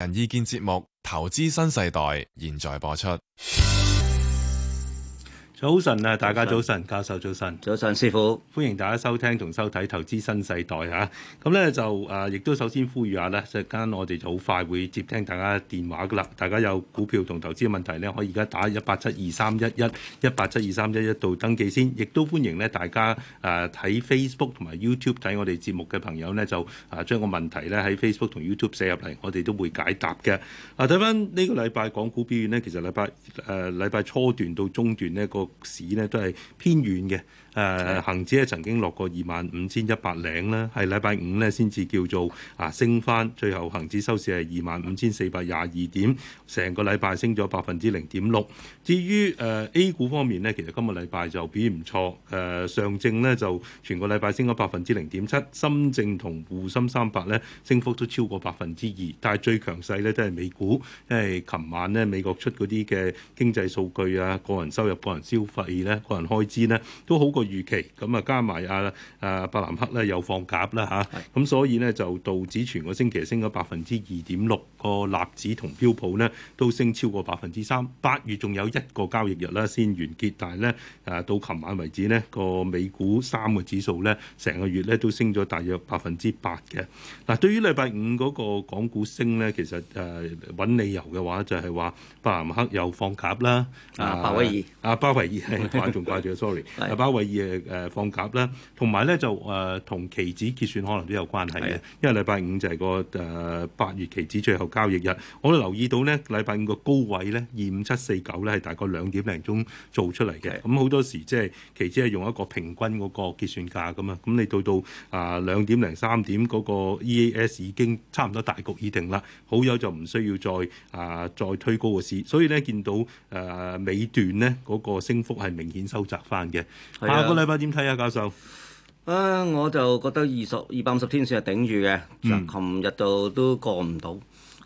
人意見節目《投資新世代》，現在播出。早晨啊，大家早晨，教授早晨，早晨，師傅，歡迎大家收聽同收睇《投資新世代》吓，咁咧就誒，亦都首先呼籲下咧，陣間我哋好快會接聽大家電話噶啦。大家有股票同投資嘅問題咧，可以而家打一八七二三一一一八七二三一一度登記先。亦都歡迎咧大家誒睇 Facebook 同埋 YouTube 睇我哋節目嘅朋友咧，就誒將個問題咧喺 Facebook 同 YouTube 寫入嚟，我哋都會解答嘅。啊，睇翻呢個禮拜港股表現咧，其實禮拜誒禮拜初段到中段呢個。市咧都係偏遠嘅。誒恆、呃、指咧曾經落過二萬五千一百零啦，係禮拜五咧先至叫做啊升翻，最後恒指收市係二萬五千四百廿二點，成個禮拜升咗百分之零點六。至於誒、呃、A 股方面呢，其實今個禮拜就表現唔錯，誒、呃、上證呢，就全個禮拜升咗百分之零點七，深證同滬深三百咧升幅都超過百分之二，但係最強勢咧都係美股，因為琴晚咧美國出嗰啲嘅經濟數據啊，個人收入、個人消費咧、個人開支咧都好過，個預期咁啊，加埋阿阿伯南克咧又放鴿啦嚇，咁所以呢，就導致全個星期升咗百分之二點六，個納指同標普呢，都升超過百分之三。八月仲有一個交易日啦先完結，但係呢，誒到琴晚為止呢，個美股三個指數呢，成個月呢都升咗大約百分之八嘅。嗱，對於禮拜五嗰個港股升呢，其實誒揾理由嘅話就係話伯南克又放鴿啦，阿鮑威爾，阿鮑威爾係仲掛住 sorry 阿鮑威。嘢誒 放鴿啦，同埋咧就誒同、呃、期指結算可能都有關係嘅。的因為禮拜五就係個誒、呃、八月期指最後交易日，我哋留意到咧禮拜五個高位咧二五七四九咧係大概兩點零鐘做出嚟嘅。咁好的、嗯、多時即、就、係、是、期指係用一個平均嗰個結算價咁啊。咁你到到啊兩點零三點嗰個 EAS 已經差唔多大局已定啦。好友就唔需要再啊、呃、再推高個市。所以咧見到誒尾、呃、段咧嗰、那個升幅係明顯收窄翻嘅。下個禮拜點睇啊，教授？啊，我就覺得二十二百五十天線係頂住嘅，琴日、嗯、就都過唔到，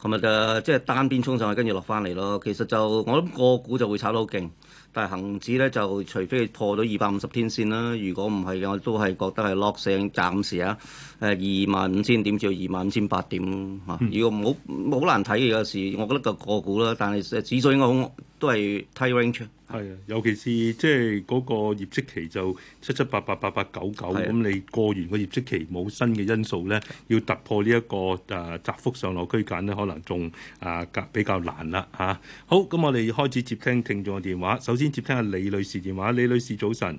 琴日就即係、就是、單邊衝上去，跟住落翻嚟咯。其實就我諗個股就會炒到好勁，但係恒指咧就除非破咗二百五十天線啦，如果唔係嘅，我都係覺得係落上暫時啊。誒二萬五千點至二萬五千八點咯嚇，如果唔好，好、啊、難睇嘅有時，我覺得個個股啦，但係指數應該好都係睇 range。係啊，尤其是即係嗰個業績期就七七八八八八九九咁，的你過完個業績期冇新嘅因素咧，要突破呢、這、一個誒窄、呃、幅上落區間咧，可能仲啊較比較難啦嚇、啊。好，咁我哋開始接聽聽,聽眾嘅電話，首先接聽阿李女士電話，李女士早晨。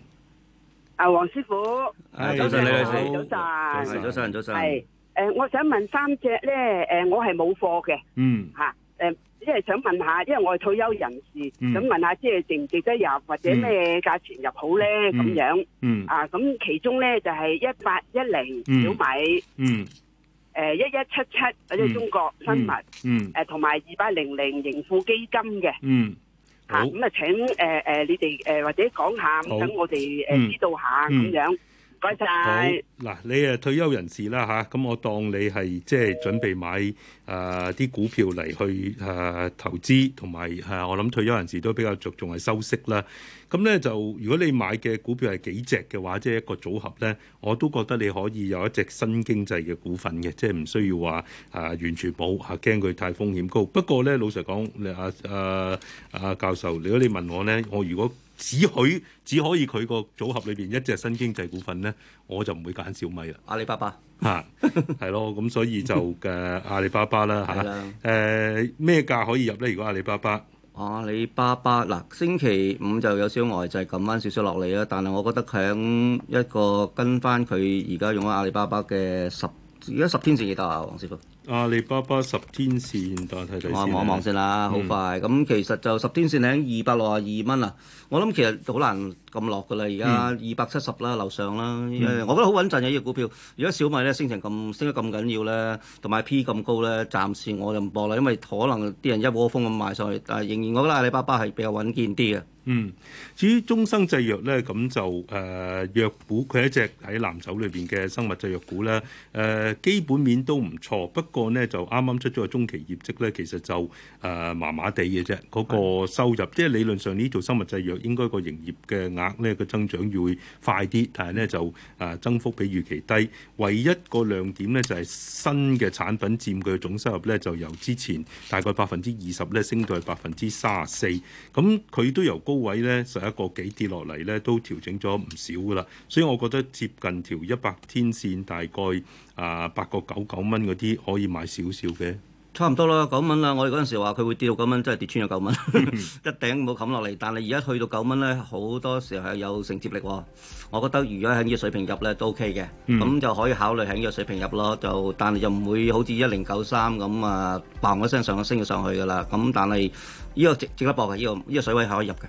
啊，黃師傅，早晨，你好，早晨上，早晨，早晨，係，誒，我想問三隻咧，誒、呃，我係冇貨嘅，嗯，吓、啊，誒，即係想問下，因為我係退休人士，嗯、想問下，即係值唔值得入，或者咩價錢入好咧，咁樣，嗯，嗯，啊，咁其中咧就係一八一零小米，嗯，誒、嗯，一一七七或者中國生物，嗯，誒、嗯，同埋二八零零盈富基金嘅、嗯，嗯。吓，咁好啊，請誒誒、呃呃，你哋誒、呃、或者講下，咁等好我哋誒、嗯呃、知道下咁樣。嗯。好嗱，你係退休人士啦嚇，咁我當你係即係準備買誒啲股票嚟去誒投資，同埋係我諗退休人士都比較着重係收息啦。咁咧就如果你買嘅股票係幾隻嘅話，即係一個組合咧，我都覺得你可以有一隻新經濟嘅股份嘅，即係唔需要話誒完全保，嚇驚佢太風險高。不過咧老實講，你阿阿阿教授，如果你問我咧，我如果只許只可以佢個組合裏邊一隻新經濟股份咧，我就唔會揀小米啦。阿里巴巴嚇，係咯，咁所以就誒阿里巴巴啦嚇。誒咩價可以入咧？如果阿里巴巴阿里巴巴嗱、啊，星期五就有少外在撳翻少少落嚟啦。但係我覺得佢喺一個跟翻佢而家用咗阿里巴巴嘅十而家十天線幾多啊，黃師傅？阿里巴巴十天線，看看我望一望先啦，好、嗯、快。咁其實就十天線喺二百六十二蚊啊，我諗其實好難咁落㗎啦。而家二百七十啦，樓上啦。因、嗯、我覺得好穩陣嘅呢隻股票。如果小米咧升成咁，升得咁緊要咧，同埋 P 咁高咧，暫時我就唔搏啦，因為可能啲人一窩蜂咁買上去。但係仍然我覺得阿里巴巴係比較穩健啲嘅。嗯，至於中生製藥呢，咁就誒、呃、藥股佢一隻喺藍籌裏邊嘅生物製藥股呢，誒、呃、基本面都唔錯，不過呢，就啱啱出咗個中期業績呢，其實就誒麻麻地嘅啫。嗰、呃、那個收入是即係理論上呢做生物製藥應該個營業嘅額呢，個增長會快啲，但係呢，就誒增幅比預期低。唯一個亮點呢，就係、是、新嘅產品佔佢總收入呢，就由之前大概百分之二十呢升到去百分之三十四。咁佢都由高高位咧，十一個幾跌落嚟咧，都調整咗唔少噶啦，所以我覺得接近條一百天線，大概啊八個九九蚊嗰啲可以買少少嘅。差唔多啦，九蚊啦，我哋嗰陣時話佢會跌到九蚊，真係跌穿咗九蚊，嗯、 一頂冇冚落嚟。但係而家去到九蚊咧，好多時候係有承接力喎。我覺得如果喺呢個水平入咧都 OK 嘅，咁、嗯、就可以考慮喺呢個水平入咯。就但係就唔會好似一零九三咁啊，嘣一聲上升咗上，上，上，上去㗎啦。咁但係呢、呢個值值得搏嘅，呢個呢個水位可以入嘅。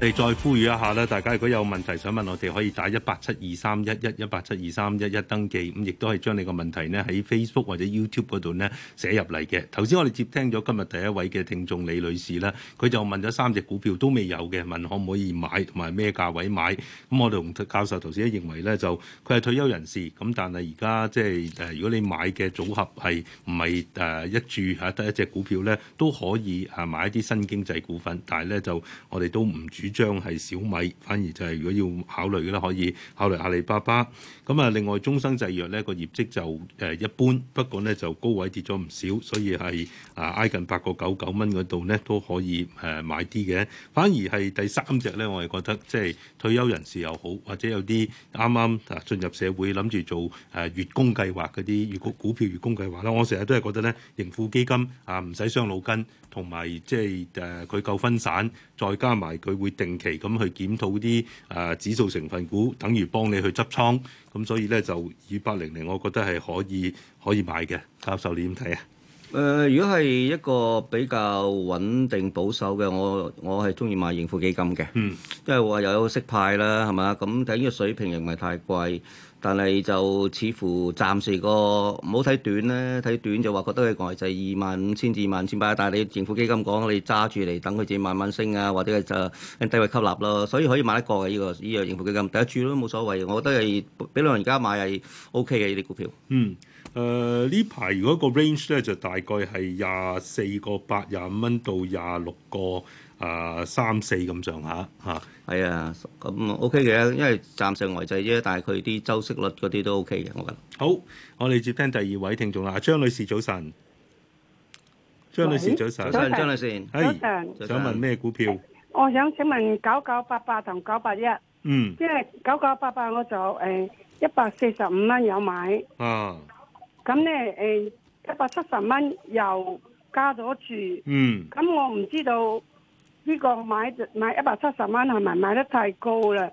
你再呼籲一下啦，大家如果有問題想問我哋，可以打一八七二三一一一八七二三一一登記，咁亦都係將你個問題呢喺 Facebook 或者 YouTube 嗰度呢寫入嚟嘅。頭先我哋接聽咗今日第一位嘅聽眾李女士啦，佢就問咗三隻股票都未有嘅，問可唔可以買同埋咩價位買？咁、嗯、我同教授頭先都認為呢，就佢係退休人士，咁但係而家即係誒，如果你買嘅組合係唔係誒一注吓得一隻股票呢，都可以吓買一啲新經濟股份，但係呢，就我哋都唔主張係小米，反而就係如果要考慮嘅咧，可以考慮阿里巴巴。咁啊，另外中生製藥咧個業績就誒一般，不過咧就高位跌咗唔少，所以係啊挨近八個九九蚊嗰度咧都可以誒買啲嘅。反而係第三隻咧，我係覺得即係退休人士又好，或者有啲啱啱啊進入社會諗住做誒月供計劃嗰啲月股票月供計劃啦。我成日都係覺得咧盈富基金啊唔使傷腦筋。同埋即係誒，佢夠分散，再加埋佢會定期咁去檢討啲誒、呃、指數成分股，等於幫你去執倉。咁所以咧就二八零零，我覺得係可以可以買嘅。教授，你點睇啊？誒，如果係一個比較穩定保守嘅，我我係中意買盈富基金嘅。嗯，因為話又有息派啦，係嘛？咁睇呢個水平又唔係太貴。但係就似乎暫時個唔好睇短咧，睇短就話覺得佢外在二萬五千至二萬千八。但係你盈富基金講，你揸住嚟等佢自己慢慢升啊，或者係就低位吸納咯，所以可以買一個嘅依、這個呢樣盈富基金，第一注都冇所謂。我覺得係俾老人家買係 O K 嘅呢啲股票。嗯，誒呢排如果個 range 咧就大概係廿四個八廿五蚊到廿六個啊三四咁上下嚇。係啊，咁、哎、OK 嘅，因為暫時外債啫，但係佢啲周息率嗰啲都 OK 嘅，我覺得。好，我哋接聽第二位聽眾啦，張女士早晨。張女士早晨，早晨，張女士，係，想問咩股票？我想請問九九八八同九八一。嗯。即係九九八八，我就誒一百四十五蚊有買。啊。咁咧誒一百七十蚊又加咗住。嗯。咁我唔知道。呢個買買一百七十蚊係咪買得太高啦？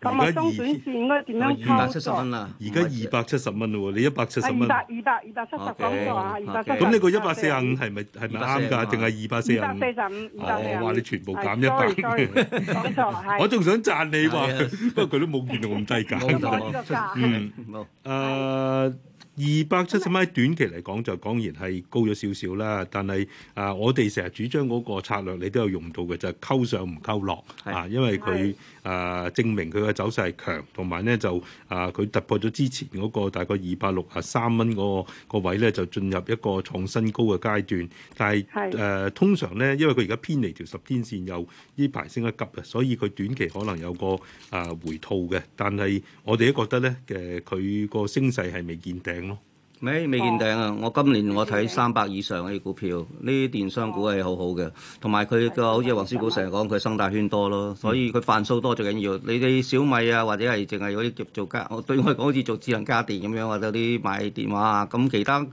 咁啊，中短線應該點樣操作？二百七十蚊啦，而家二百七十蚊咯喎，你一百七十蚊。二百二百七十咁個話，二百七十。咁你個一百四十五係咪係咪啱㗎？定係二百四十五？二百四十五。我哇！你全部減一百。講錯我仲想讚你話，yes。不過佢都冇見到咁低價㗎啦。二百七十米短期嚟講就講然係高咗少少啦，但係啊，我哋成日主張嗰個策略你都有用到嘅，就係、是、溝上唔溝落的啊，因為佢。誒、呃、證明佢嘅走勢係強，同埋咧就誒佢、呃、突破咗之前嗰個大概二百六啊三蚊嗰個個位咧，就進入一個創新高嘅階段。但係誒是、呃、通常咧，因為佢而家偏離條十天線，又呢排升得急嘅，所以佢短期可能有個誒、呃、回吐嘅。但係我哋都覺得咧，誒佢個升勢係未見頂咯。咪未見頂啊！哦、我今年我睇三百以上嘅啲股票，呢啲電商股係好好嘅，同埋佢個好似黃師傅成日講，佢生態圈多咯，所以佢泛數多最緊要。你哋小米啊，或者係淨係嗰啲做家，對我嚟講好似做智能家電咁樣，或者啲賣電話、呃、啊，咁其他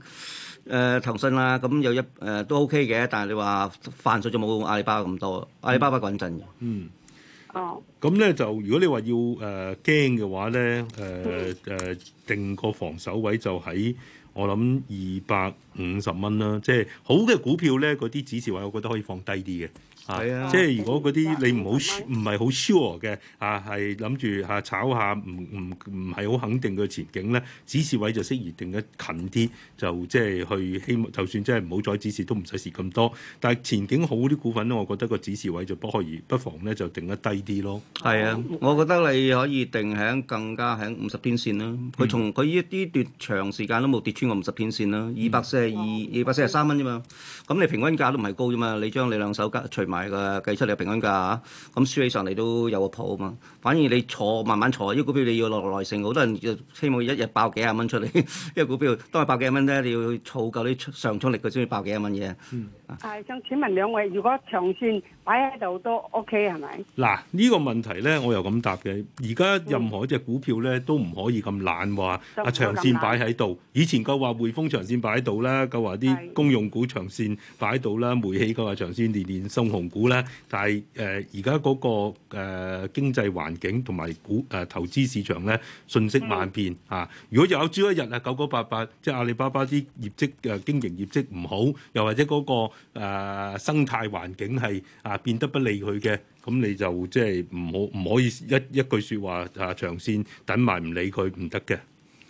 誒騰訊啦，咁有一誒、呃、都 OK 嘅。但係你話泛數就冇阿里巴巴咁多，嗯、阿里巴巴講真嘅。嗯。哦。咁咧就如果你要、呃、話要誒驚嘅話咧，誒、呃、誒定個防守位就喺。我諗二百五十蚊啦，即係好嘅股票咧，嗰啲指示位，我覺得可以放低啲嘅。啊，啊即係如果嗰啲你唔好唔係好 sure 嘅，啊係諗住嚇炒下，唔唔唔係好肯定嘅前景咧，指示位就適宜定得近啲，就即係去希望，就算即係唔好再指示都唔使蝕咁多。但係前景好啲股份咧，我覺得個指示位就不可以不妨咧就定得低啲咯。係啊，我覺得你可以定喺更加喺五十天線啦、啊。佢從佢呢一段長時間都冇跌穿過五十天線啦、啊，二百四十二二百四十三蚊啫嘛。咁、哦嗯、你平均價都唔係高啫嘛，你將你兩手加除。埋嘅計出嚟平均價，咁輸起上嚟都有個譜啊嘛。反而你坐慢慢坐，啲股票你要落耐性。好多人希望一日爆幾廿蚊出嚟，因為股票都係百幾廿蚊啫，你要儲夠啲上衝力，佢先至爆幾廿蚊嘢。嗯。係，想請問兩位，如果長線擺喺度都 OK 係咪？嗱，呢個問題咧，我又咁答嘅。而家任何一隻股票咧，都唔可以咁懶話啊。長線擺喺度，以前夠話匯豐長線擺喺度啦，夠話啲公用股長線擺喺度啦，煤氣夠話長線年年送股咧，但係誒而家嗰個誒、呃、經濟環境同埋股誒、呃、投資市場咧瞬息萬變啊！如果有朝一日啊九九八八，即、就、係、是、阿里巴巴啲業績嘅、呃、經營業績唔好，又或者嗰、那個、呃、生態環境係啊變得不利佢嘅，咁你就即係唔好唔可以一一句説話啊長線等埋唔理佢唔得嘅。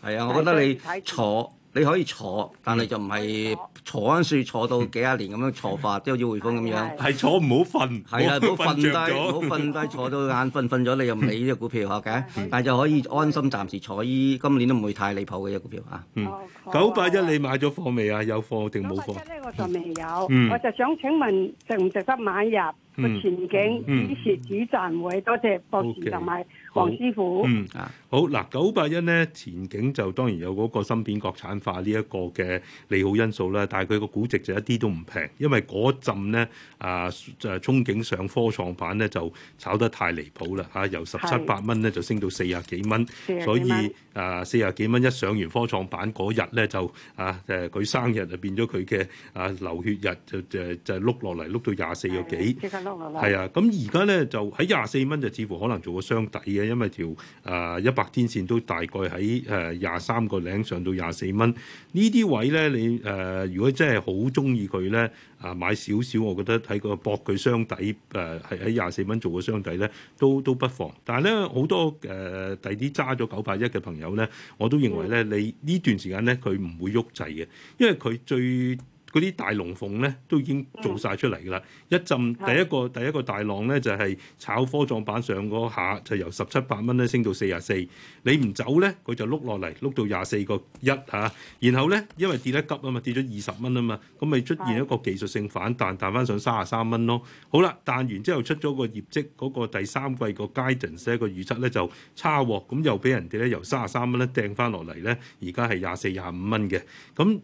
係啊，我覺得你坐。你可以坐，但係就唔係坐嗰陣坐到幾廿年咁樣坐法，都好似匯豐咁樣。係坐唔好瞓，係啊，唔好瞓低，唔好瞓低，坐到眼瞓瞓咗，你又唔理呢隻股票吓嘅。但係就可以安心暫時坐依，今年都唔會太離譜嘅呢隻股票吓。九八一你買咗貨未啊？有貨定冇貨？九八一我就未有，我就想請問值唔值得買入？嗯嗯、前景支持主站會，多謝博士同埋黃師傅。嗯，好嗱，九八一咧前景就當然有嗰個芯片國產化呢一個嘅利好因素啦，但係佢個估值就一啲都唔平，因為嗰陣咧啊就憧憬上科創板咧就炒得太離譜啦嚇、啊，由十七八蚊咧就升到四十幾蚊，幾所以啊四十幾蚊一上完科創板嗰日咧就啊誒佢、就是、生日就變咗佢嘅啊流血日，就就就碌落嚟碌到廿四個幾。係啊，咁而家咧就喺廿四蚊就似乎可能做個箱底嘅，因為條誒一百天線都大概喺誒廿三個頂上到廿四蚊呢啲位咧，你誒、呃、如果真係好中意佢咧，啊、呃、買少少，我覺得喺個博佢箱底誒係喺廿四蚊做個箱底咧，都都不妨。但係咧好多誒、呃、第啲揸咗九百一嘅朋友咧，我都認為咧你呢段時間咧佢唔會喐滯嘅，因為佢最。嗰啲大龍鳳咧都已經做晒出嚟㗎啦！嗯、一浸第一個第一個大浪咧就係、是、炒科創板上嗰下，就由十七八蚊咧升到四十四，你唔走咧佢就碌落嚟碌到廿四個一吓，然後咧因為跌得急啊嘛，跌咗二十蚊啊嘛，咁咪出現一個技術性反彈，彈翻上三十三蚊咯。好啦，彈完之後出咗個業績嗰、那個第三季 guidance，個階段，寫個預測咧就差喎，咁又俾人哋咧由三十三蚊咧掟翻落嚟咧，而家係廿四廿五蚊嘅。咁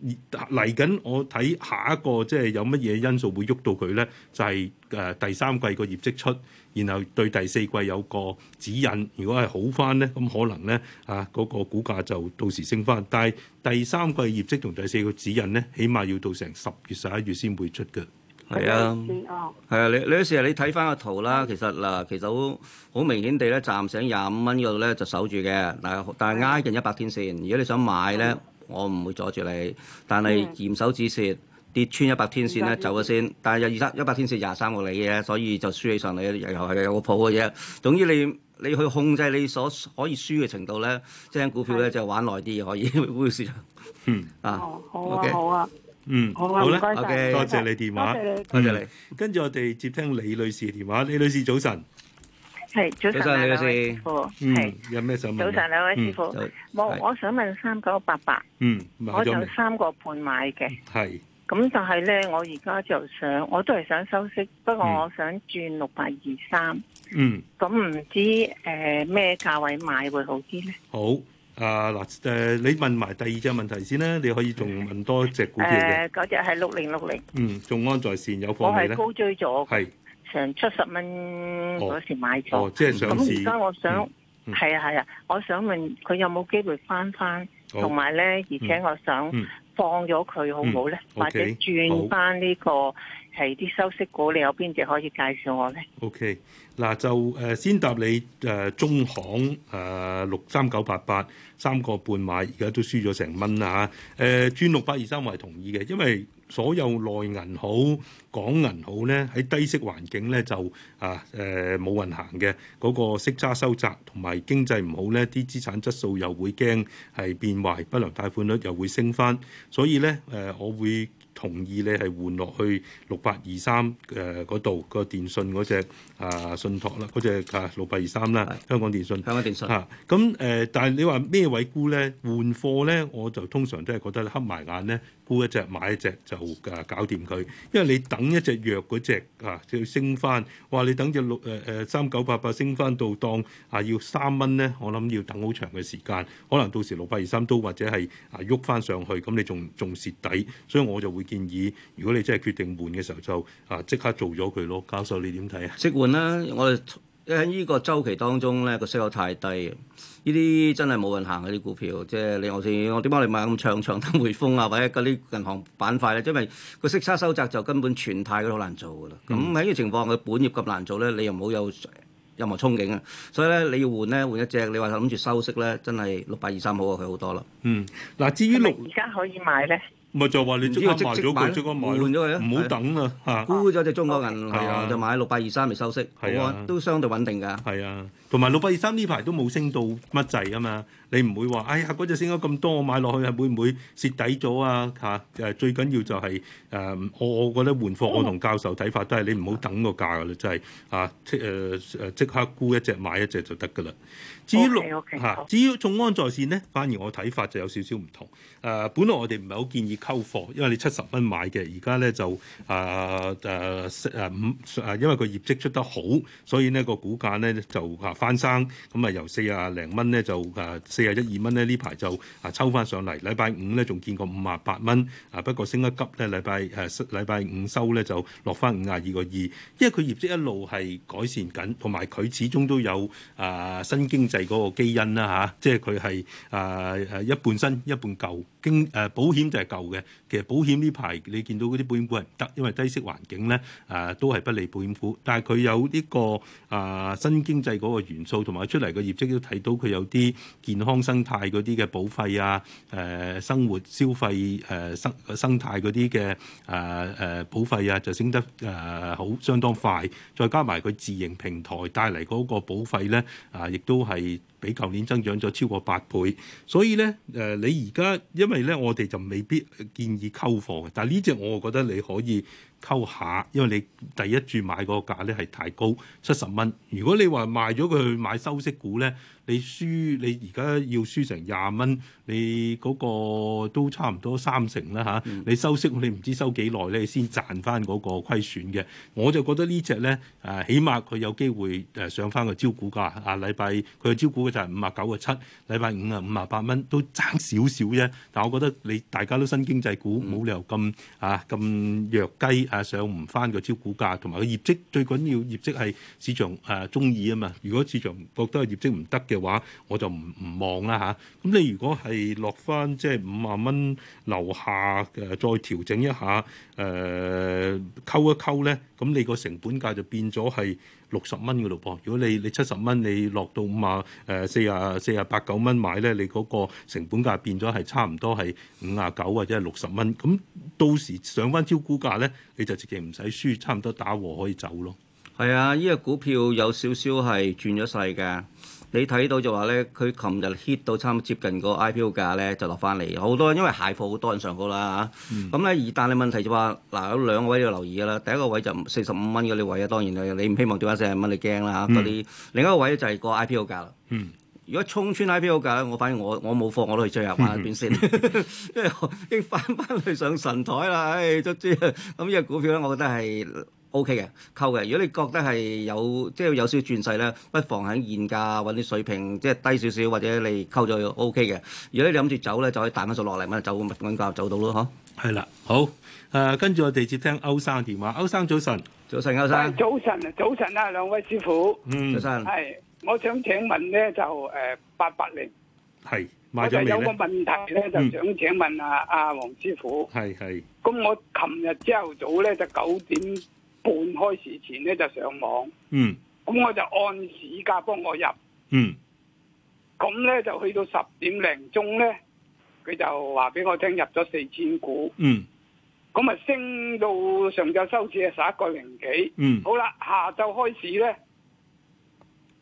嚟緊我睇。下一個即係有乜嘢因素會喐到佢咧？就係、是、誒第三季個業績出，然後對第四季有個指引。如果係好翻咧，咁可能咧啊嗰個股價就到時升翻。但係第三季業績同第四個指引咧，起碼要到成十月十一月先會出嘅。係啊，係啊，你你啲事你睇翻個圖啦。其實嗱，其實好好明顯地咧，暫時廿五蚊嗰度咧就守住嘅。嗱，但係挨近一百天線。如果你想買咧，我唔會阻住你，但係嚴守止蝕。跌穿一百天線咧，走咗先。但係有二三一百天線廿三個釐嘅，所以就輸起上嚟又又係有個譜嘅啫。總之你你去控制你所可以輸嘅程度咧，即係股票咧就玩耐啲可以。股市。嗯啊，好啊好啊，嗯好啊，唔該曬，多謝你電話，多謝你，跟住我哋接聽李女士嘅電話。李女士早晨，係早晨，兩位師傅，係有咩想問？早晨兩位師傅有咩想早晨兩位師傅冇，我想問三九八八，嗯，我就三個半買嘅，係。咁就係咧，我而家就想，我都係想收息，不過我想轉六百二三。嗯。咁唔知誒咩價位買會好啲咧？好啊嗱，誒你問埋第二隻問題先啦，你可以仲問多隻股票嗰隻係六零六零。嗯。眾安在線有貨。我係高追咗。係。成七十蚊嗰時買咗。即係上市。而家我想，係啊係啊，我想問佢有冇機會翻翻？同埋咧，而且我想。放咗佢好唔好咧？嗯、okay, 或者轉翻呢，這個係啲好收息股，你有邊隻可以介紹我咧？OK，嗱就誒先答你誒中行誒六三九八八三個半碼，而家都輸咗成蚊啦嚇。誒、呃、轉六八二三，我係同意嘅，因為。所有內銀好、港銀好咧，喺低息環境咧就啊誒冇運行嘅嗰個息差收窄，同埋經濟唔好咧，啲資產質素又會驚係變壞，不良貸款率又會升翻，所以咧誒、呃，我會同意你係換落去六八二三誒嗰度個電信嗰隻啊信託啦，嗰隻啊六八二三啦，23, 的香港電信，香港電信嚇，咁誒、啊呃，但係你話咩位沽咧換貨咧，我就通常都係覺得黑埋眼咧。沽一隻買一隻，就誒搞掂佢。因為你等一隻弱嗰隻啊就要升翻，話你等隻六誒誒、呃、三九八八升翻到當啊要三蚊咧，我諗要等好長嘅時間，可能到時六百二三都或者係啊喐翻上去，咁你仲仲蝕底，所以我就會建議，如果你真係決定換嘅時候就啊即刻做咗佢咯。教授你點睇啊？即換啦，我喺呢個週期當中咧，個息率太低。呢啲真係冇人行嘅啲股票，即係你我先，我點解你買咁長長得匯豐啊，或者嗰啲銀行板塊咧？因為個息差收窄就根本全泰都好難做噶啦。咁喺呢個情況下，佢本業咁難做咧，你又冇有任何憧憬啊？所以咧，你要換咧，換一隻，你話諗住收息咧，真係六百二三好過佢好多啦。嗯，嗱，至於六而家可以買咧。咪就係話你即刻賣咗佢，即即換咗佢，唔好等啊！沽咗隻中國銀，就買六百二三嚟收息，啊，都相對穩定㗎。係啊，同埋六百二三呢排都冇升到乜滯啊嘛！你唔會話，哎呀，嗰隻升咗咁多，我買落去係會唔會蝕底咗啊？嚇、啊！誒、啊，最緊要就係、是、誒，我、啊、我覺得換貨，我同教授睇法都係你唔好等個價㗎啦，就係、是、啊，啊即誒誒，即刻沽一隻買一隻就得㗎啦。至於六至於眾安在線咧，反而我睇法就有少少唔同。誒，本來我哋唔係好建議溝貨，因為你七十蚊買嘅，而家咧就誒誒誒五誒，因為個業績出得好，所以呢個股價咧就翻生就。咁啊，由四廿零蚊咧就誒四廿一二蚊咧，呢排就啊抽翻上嚟。禮拜五咧仲見過五十八蚊啊，不過升得急咧，禮拜誒禮拜五收咧就落翻五廿二個二。因為佢業績一路係改善緊，同埋佢始終都有誒新經濟。係嗰個基因啦吓、啊，即係佢係誒誒一半新一半舊，經誒、啊、保險就係舊嘅。其實保險呢排你見到嗰啲保險股係唔得，因為低息環境咧誒、啊、都係不利保險股，但係佢有呢、這個誒、啊、新經濟嗰個元素，同埋出嚟嘅業績都睇到佢有啲健康生態嗰啲嘅保費啊誒、啊、生活消費誒、啊、生生態嗰啲嘅誒誒保費啊，就升得誒、啊、好相當快，再加埋佢自營平台帶嚟嗰個保費咧啊，亦都係。比舊年增長咗超過八倍，所以咧誒、呃，你而家因為咧，我哋就未必建議溝貨嘅，但係呢隻我覺得你可以溝下，因為你第一注買嗰個價咧係太高，七十蚊。如果你話賣咗佢去買收息股咧。你輸你而家要輸成廿蚊，你嗰個都差唔多三成啦嚇、啊。你收息，你唔知收幾耐咧你先賺翻嗰個虧損嘅。我就覺得呢隻咧誒，起碼佢有機會誒上翻個招股價。啊，禮拜佢嘅招股嘅就係五啊九個七，禮拜五啊五啊八蚊，都爭少少啫。但係我覺得你大家都新經濟股，冇理由咁嚇咁弱雞啊，上唔翻個招股價，同埋個業績最緊要業績係市場誒中意啊嘛。如果市場覺得業績唔得嘅，話我就唔唔望啦吓。咁、啊、你如果係落翻即係五萬蚊樓下誒，再調整一下誒，溝、呃、一溝咧，咁你個成本價就變咗係六十蚊嘅咯噃。如果你你七十蚊，你落到五啊誒四啊四啊八九蚊買咧，你嗰個成本價變咗係差唔多係五啊九或者係六十蚊。咁到時上翻招股價咧，你就直接唔使輸，差唔多打和可以走咯。係啊，呢、這個股票有少少係轉咗勢嘅。你睇到就話咧，佢琴日 hit 到差唔多接近個 IPO 價咧，就落翻嚟。好多因為蟹貨好多人上貨啦。咁咧，而但係問題就話，嗱有兩個位要留意啦。第一個位就四十五蚊嗰啲位啊，當然你唔希望掉翻四十蚊，你驚啦嗰啲。另一個位就係個 IPO 價啦。如果衝穿 IPO 價咧，我反而我我冇貨，我都去追入玩一邊先，因為已經翻翻去上神台啦。唉，卒之，咁，呢隻股票咧，我覺得係。OK 嘅，溝嘅。如果你覺得係有即係有少少轉勢咧，不妨喺現價揾啲水平，即係低少少，或者你溝咗 OK 嘅。如果你諗住走咧，就可以彈翻數落嚟，咪走個物管價，走到咯嚇。係啦，好。誒，跟住我哋接聽歐生嘅電話。歐生早晨，早晨歐生。早晨，早晨啊，兩位師傅。嗯。早晨。係，我想請問咧就誒八八零。係。賣咗未咧？我有個問題咧，就想請問阿阿黃師傅。係係。咁我琴日朝頭早咧就九點。半開始前咧就上網，嗯，咁我就按市價幫我入，嗯，咁咧就去到十點零鐘咧，佢就話俾我聽入咗四千股，嗯，咁啊升到上晝收市係十一個零幾，嗯，好啦，下晝開始咧，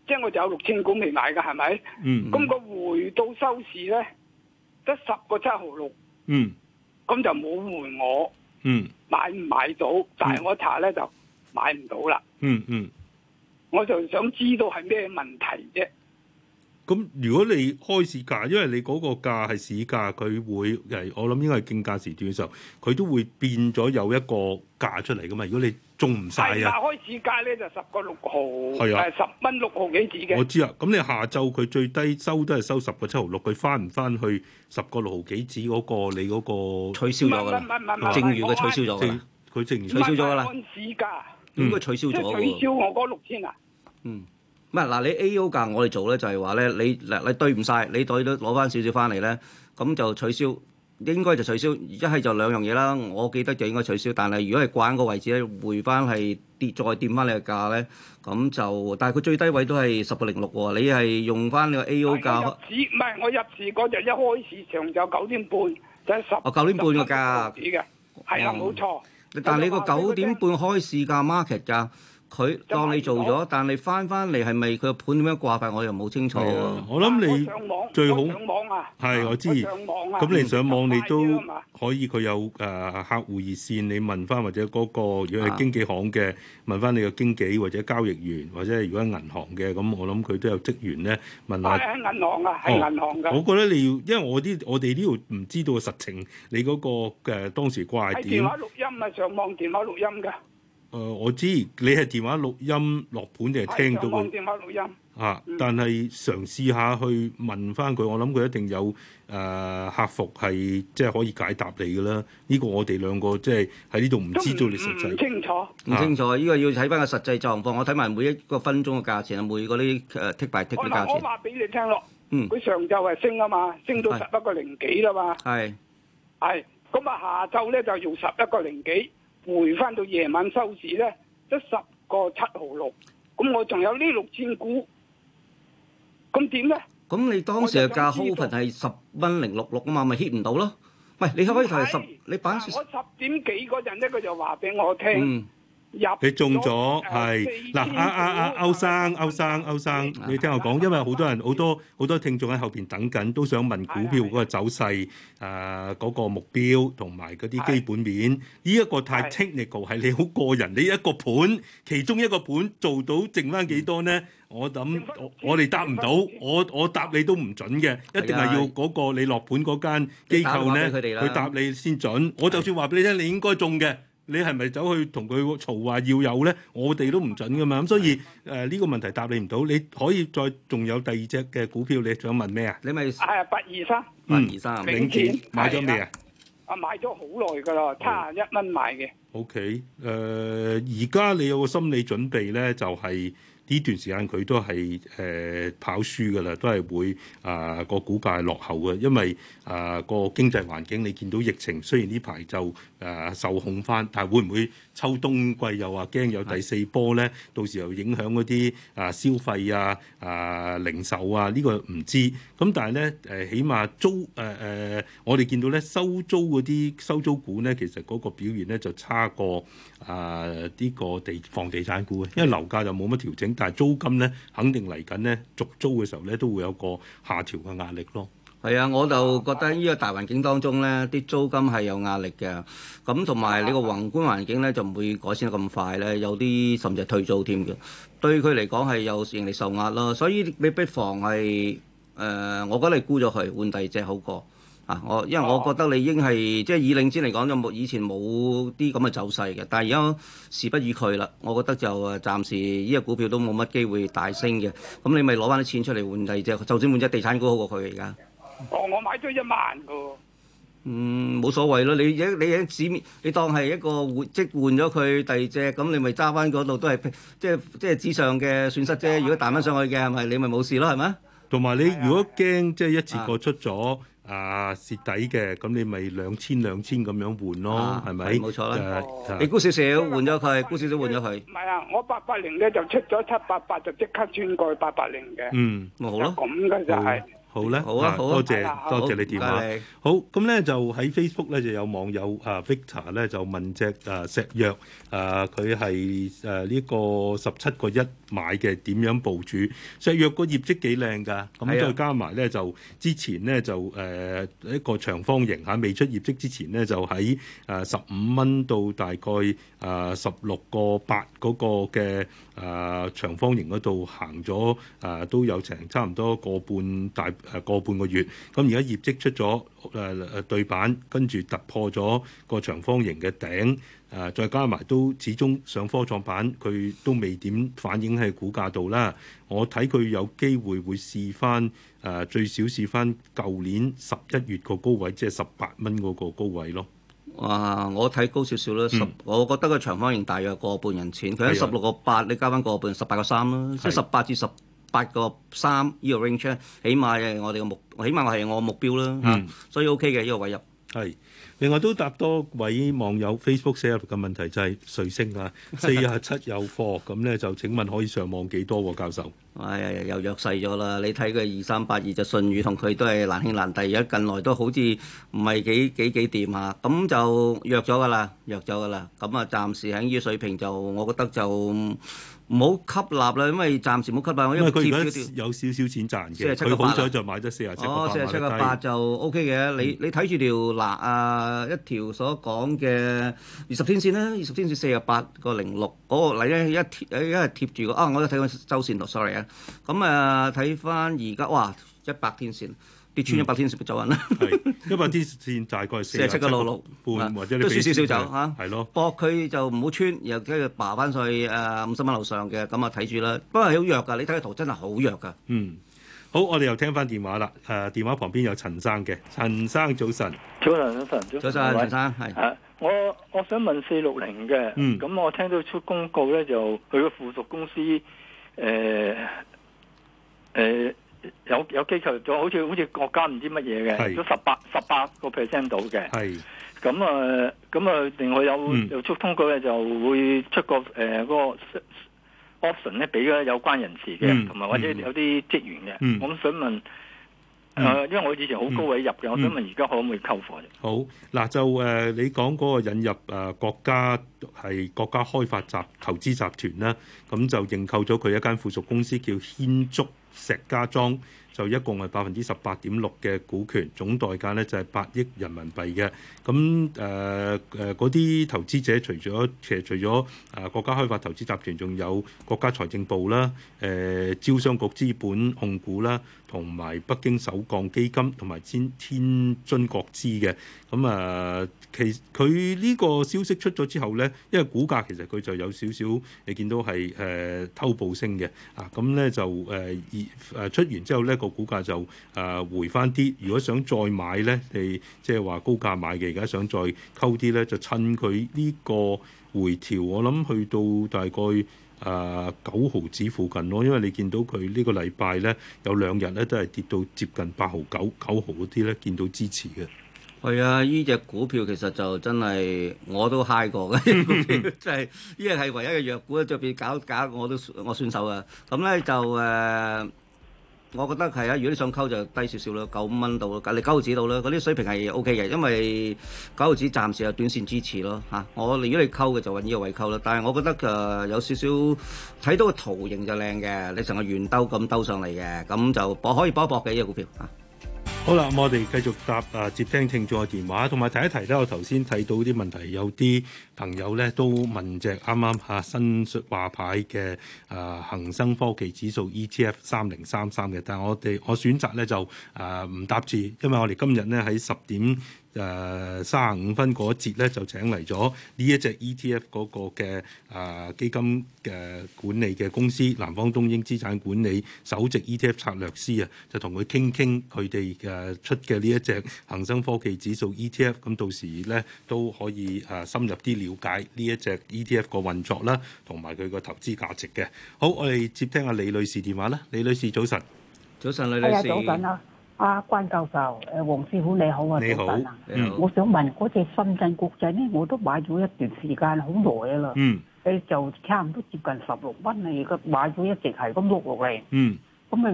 即係我就有六千股未買㗎係咪？嗯，咁個回到收市咧得十個七毫六，嗯，咁就冇回我。嗯，買唔買到？但係我查咧就買唔到啦。嗯。嗯嗯，我就想知道係咩問題啫。咁如果你開市價，因為你嗰個價係市價，佢會係我諗應該係競價時段嘅時候，佢都會變咗有一個價出嚟㗎嘛。如果你中唔晒啊，開市價咧就十個六毫，係十蚊六毫幾子嘅。我知啊，咁你下晝佢最低收都係收十個七毫六，佢返唔返去十個六毫幾子嗰個？你嗰個取消咗㗎啦，正月嘅取消咗㗎，佢正取消咗㗎啦。市價應該取消咗喎，即係取消我嗰六千啊。嗯。唔係嗱，你 A.O. 價我哋做咧就係話咧，你嗱你，你對唔晒，你袋都攞翻少少翻嚟咧，咁就取消，應該就取消，一係就兩樣嘢啦。我記得就應該取消，但係如果係慣個位置咧，回翻係跌再跌翻你個價咧，咁就但係佢最低位都係十個零六喎，你係用翻你個 A.O. 價。指唔係我入市嗰日一開始上就九點半，就係十。哦，九點半個價。指嘅，係啦、嗯，冇錯。但係你個九點半開市價、嗯、market 價。佢當你做咗，但你翻翻嚟係咪佢個盤點樣掛法？我又冇清楚我諗你最好係、啊我，啊、我知。咁、啊啊、你上網、嗯、你都可以，佢有誒、呃、客戶熱線，你問翻或者嗰個如果係經紀行嘅，啊、問翻你個經紀或者交易員，或者如果係銀行嘅，咁我諗佢都有職員咧問下。喺銀行啊，係銀行噶、哦。我覺得你要，因為我啲我哋呢度唔知道實情，你嗰、那個嘅、呃、當時掛點電、啊。電話錄音咪上網電話錄音㗎。誒、呃，我知你係電話錄音落盤定係聽到嘅。電話錄音。啊，嗯、但係嘗試下去問翻佢，我諗佢一定有誒、呃、客服係即係可以解答你嘅啦。呢、這個我哋兩個即係喺呢度唔知道你實際。唔清楚，唔、啊、清楚。呢、這個要睇翻個實際狀況。我睇埋每一個分鐘嘅價錢啊，每嗰啲誒 tick by tick 嘅價錢。嗱，我話俾你聽咯，嗯，佢上晝係升啊嘛，升到十一個零幾啦嘛。係是。係是。咁啊是，下晝咧就要十一個零幾。回翻到夜晚收市咧，得十個七毫六。咁我仲有呢六千股，咁點咧？咁你當時嘅開盤係十蚊零六六啊嘛，咪 hit 唔到咯？唔，你可唔可以睇係十，你擺、啊。我十點幾嗰陣咧，佢就話俾我聽。嗯你中咗，係。嗱，阿阿阿歐生、歐生、歐生，你聽我講，因為好多人好多好多聽眾喺後邊等緊，都想問股票嗰個走勢誒嗰、呃嗰個目標同埋嗰啲基本面。呢一是個太 technical 係你好個人，你一個盤是其中一個盤做到剩翻幾多呢？我諗麼我哋答唔到，我我答你都唔準嘅，一定係要嗰個你落盤嗰間機構呢，佢、啊、答，答你先準。我就算話俾你聽，你應該中嘅。你係咪走去同佢嘈話要有咧？我哋都唔準噶嘛，咁所以誒呢的、呃這個問題答你唔到。你可以再仲有第二隻嘅股票，你想問咩啊？你咪係八二三，八二三，領展前買咗未啊？啊，買咗好耐噶啦，差一蚊買嘅。O K，誒，而家你有個心理準備咧，就係、是、呢段時間佢都係誒、呃、跑輸噶啦，都係會啊、呃、個股價落後嘅，因為啊、呃、個經濟環境你見到疫情，雖然呢排就。誒受控翻，但係會唔會秋冬季又話驚有第四波咧？是的 到時候又影響嗰啲誒消費啊、誒、啊、零售啊，這個、呢個唔知。咁但係咧誒，起碼租誒誒，我哋見到咧收租嗰啲收租股咧，其實嗰個表現咧就差過誒呢、啊這個地房地產股，因為樓價就冇乜調整，但係租金咧肯定嚟緊咧續租嘅時候咧都會有個下調嘅壓力咯。係啊，我就覺得呢個大環境當中呢，啲租金係有壓力嘅。咁同埋你個宏觀環境呢，就唔會改善得咁快呢。有啲甚至係退租添嘅，對佢嚟講係有盈利受壓咯。所以你不妨係誒，我覺得你沽咗佢換第二隻好過啊！我因為我覺得你已經係即係以領先嚟講，就冇以前冇啲咁嘅走勢嘅。但係而家時不與佢啦，我覺得就誒暫時呢個股票都冇乜機會大升嘅。咁你咪攞翻啲錢出嚟換第二隻，就算換隻地產股好過佢而家。哦，我買咗一萬個。嗯，冇所謂咯，你你喺紙面，你當係一個換即換咗佢第二隻，咁你咪揸翻嗰度都係即即紙上嘅損失啫。如果彈翻上去嘅，係咪你咪冇事咯？係咪？同埋你如果驚即一次過出咗啊蝕底嘅，咁你咪兩千兩千咁樣換咯，係咪？冇錯啦，你估少少換咗佢，估少少換咗佢。唔係啊，我八八零咧就出咗七八八，就即刻穿過去八八零嘅。嗯，咪好咯。咁跟住就係。好咧、啊，好啊，多謝看看多謝你電話。好，咁咧是就喺 Facebook 咧就有網友啊 Victor 咧就問隻啊石藥啊，佢係誒呢個十七個一。買嘅點樣部署？石藥個業績幾靚㗎，咁再加埋咧、啊、就之前咧就誒、呃、一個長方形嚇、啊，未出業績之前咧就喺誒十五蚊到大概誒十六個八嗰個嘅誒長方形嗰度行咗誒、呃、都有成差唔多個半大誒個、呃、半個月，咁而家業績出咗誒誒對板，跟住突破咗個長方形嘅頂。誒、啊，再加埋都始終上科創板，佢都未點反映喺股價度啦。我睇佢有機會會試翻誒，最少試翻舊年十一月個高位，即係十八蚊嗰個高位咯。哇！我睇高少少啦，十、嗯，10，我覺得個長方形大約個半人錢，佢喺十六個八，8，你加翻個半人，十八個三啦，是即係十八至十八個三呢個 range，起碼係我哋嘅目，起碼係我目標啦、嗯、所以 OK 嘅呢、呢個位入係。另外都答多位網友 Facebook 寫入嘅問題就係瑞聲啊？四十七有貨咁咧， 就請問可以上網幾多喎，教授？誒、哎，又弱勢咗啦！你睇佢二三八二就舜宇同佢都係難兄難弟，而家近來都好似唔係幾幾幾掂嚇，咁、啊、就弱咗噶啦，弱咗噶啦，咁啊，暫時喺呢個水平就，我覺得就。唔好吸納啦，因為暫時唔好吸納。因為佢而家有少少錢賺嘅，佢好彩就買咗四廿七。哦，四廿七個八就 O K 嘅。你你睇住條臘啊，一條所講嘅二十天線啦，二十天線四廿八個零六。嗰個嚟一貼，一係貼住嘅。啊，我有睇過周線圖，sorry 啊。咁啊，睇翻而家哇，一百天線。跌穿一百天線就走人啦。一百天線大概四七個六六半，或者你少少走嚇。係咯，博佢就唔好穿，又跟住爬翻上去五十蚊樓上嘅，咁啊睇住啦。不過好弱噶，你睇個圖真係好弱噶。嗯，好，我哋又聽翻電話啦。誒，電話旁邊有陳生嘅。陳生早晨。早晨早晨早晨，陳生係。我我想問四六零嘅。嗯。咁我聽到出公告咧，就佢個附屬公司誒誒。有有機構就好似好似國家唔知乜嘢嘅，都十八十八個 percent 度嘅。係咁啊，咁啊，另外有有出通告咧，就會出個誒嗰個 option 咧，俾咧有關人士嘅，同埋或者有啲職員嘅。嗯，我諗想問誒，因為我以前好高位入嘅，我想問而家可唔可以溝貨？好嗱，就誒你講嗰個引入誒國家係國家開發集投資集團啦，咁就認購咗佢一間附屬公司叫軒竹。石家莊就一共係百分之十八點六嘅股權，總代價咧就係八億人民幣嘅。咁誒誒，嗰、呃、啲投資者除咗其實除咗啊國家開發投資集團，仲有國家財政部啦，誒、呃、招商局資本控股啦。同埋北京首鋼基金同埋天天津國資嘅，咁、嗯、啊，其佢呢個消息出咗之後咧，因為股價其實佢就有少少，你見到係誒、呃、偷步升嘅。啊，咁、嗯、咧就誒、呃、出完之後咧個股價就誒、呃、回翻啲。如果想再買咧，你即係話高價買嘅，而家想再溝啲咧，就趁佢呢個回調，我諗去到大概。誒九、uh, 毫子附近咯，因為你見到佢呢個禮拜咧有兩日咧都係跌到接近八毫九九毫嗰啲咧見到支持嘅。係啊、嗯，呢隻股票其實就真係我都 high 過嘅， 股票真係呢係係唯一嘅弱股，就變搞搞我都我算，我算手啊。咁咧就誒。Uh, 我覺得係啊，如果你想溝就低少少啦，九蚊到，嚟九毫子到啦。嗰啲水平係 O K 嘅，因為九毫子暫時有短線支持咯嚇。我你如果你溝嘅就揾呢個位溝啦。但係我覺得誒有少少睇到個圖形就靚嘅，你成個圓兜咁兜上嚟嘅，咁就搏可以搏一搏嘅呢個股票啊。好啦，咁我哋繼續答啊，接聽聽眾嘅電話，同埋提一提咧，我頭先睇到啲問題，有啲朋友咧都問隻啱啱吓新掛牌嘅啊恒生科技指數 ETF 三零三三嘅，但係我哋我選擇咧就誒唔、啊、答字，因為我哋今日咧喺十點。誒卅五分嗰節咧，就請嚟咗呢一隻 ETF 嗰個嘅誒、啊、基金嘅管理嘅公司南方東英資產管理首席 ETF 策略師啊，就同佢傾傾佢哋嘅出嘅呢一隻恒生科技指數 ETF，咁到時咧都可以誒深入啲了解呢一隻 ETF 個運作啦，同埋佢個投資價值嘅。好，我哋接聽阿李女士電話啦，李女士早晨，早晨李女士。哎阿、啊、關教授，誒，黃師傅你好啊，早晨好啊，好我想問嗰隻深圳國際咧，我都買咗一段時間，好耐㗎啦，嗯， 就差唔多接近十六蚊啊，而家買咗一直係咁碌落嚟，嗯，咁咪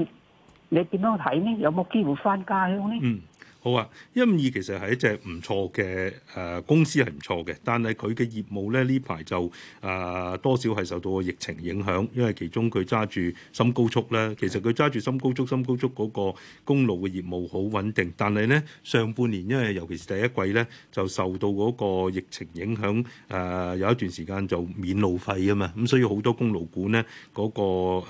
你點樣睇咧？有冇機會返家鄉咧？好啊，一五二其實係一隻唔錯嘅誒、呃、公司，係唔錯嘅。但係佢嘅業務咧呢排就誒、呃、多少係受到嗰個疫情影響，因為其中佢揸住深高速咧，其實佢揸住深高速、深高速嗰個公路嘅業務好穩定。但係咧上半年因為尤其是第一季咧，就受到嗰個疫情影響，誒、呃、有一段時間就免路費啊嘛，咁所以好多公路股咧嗰個、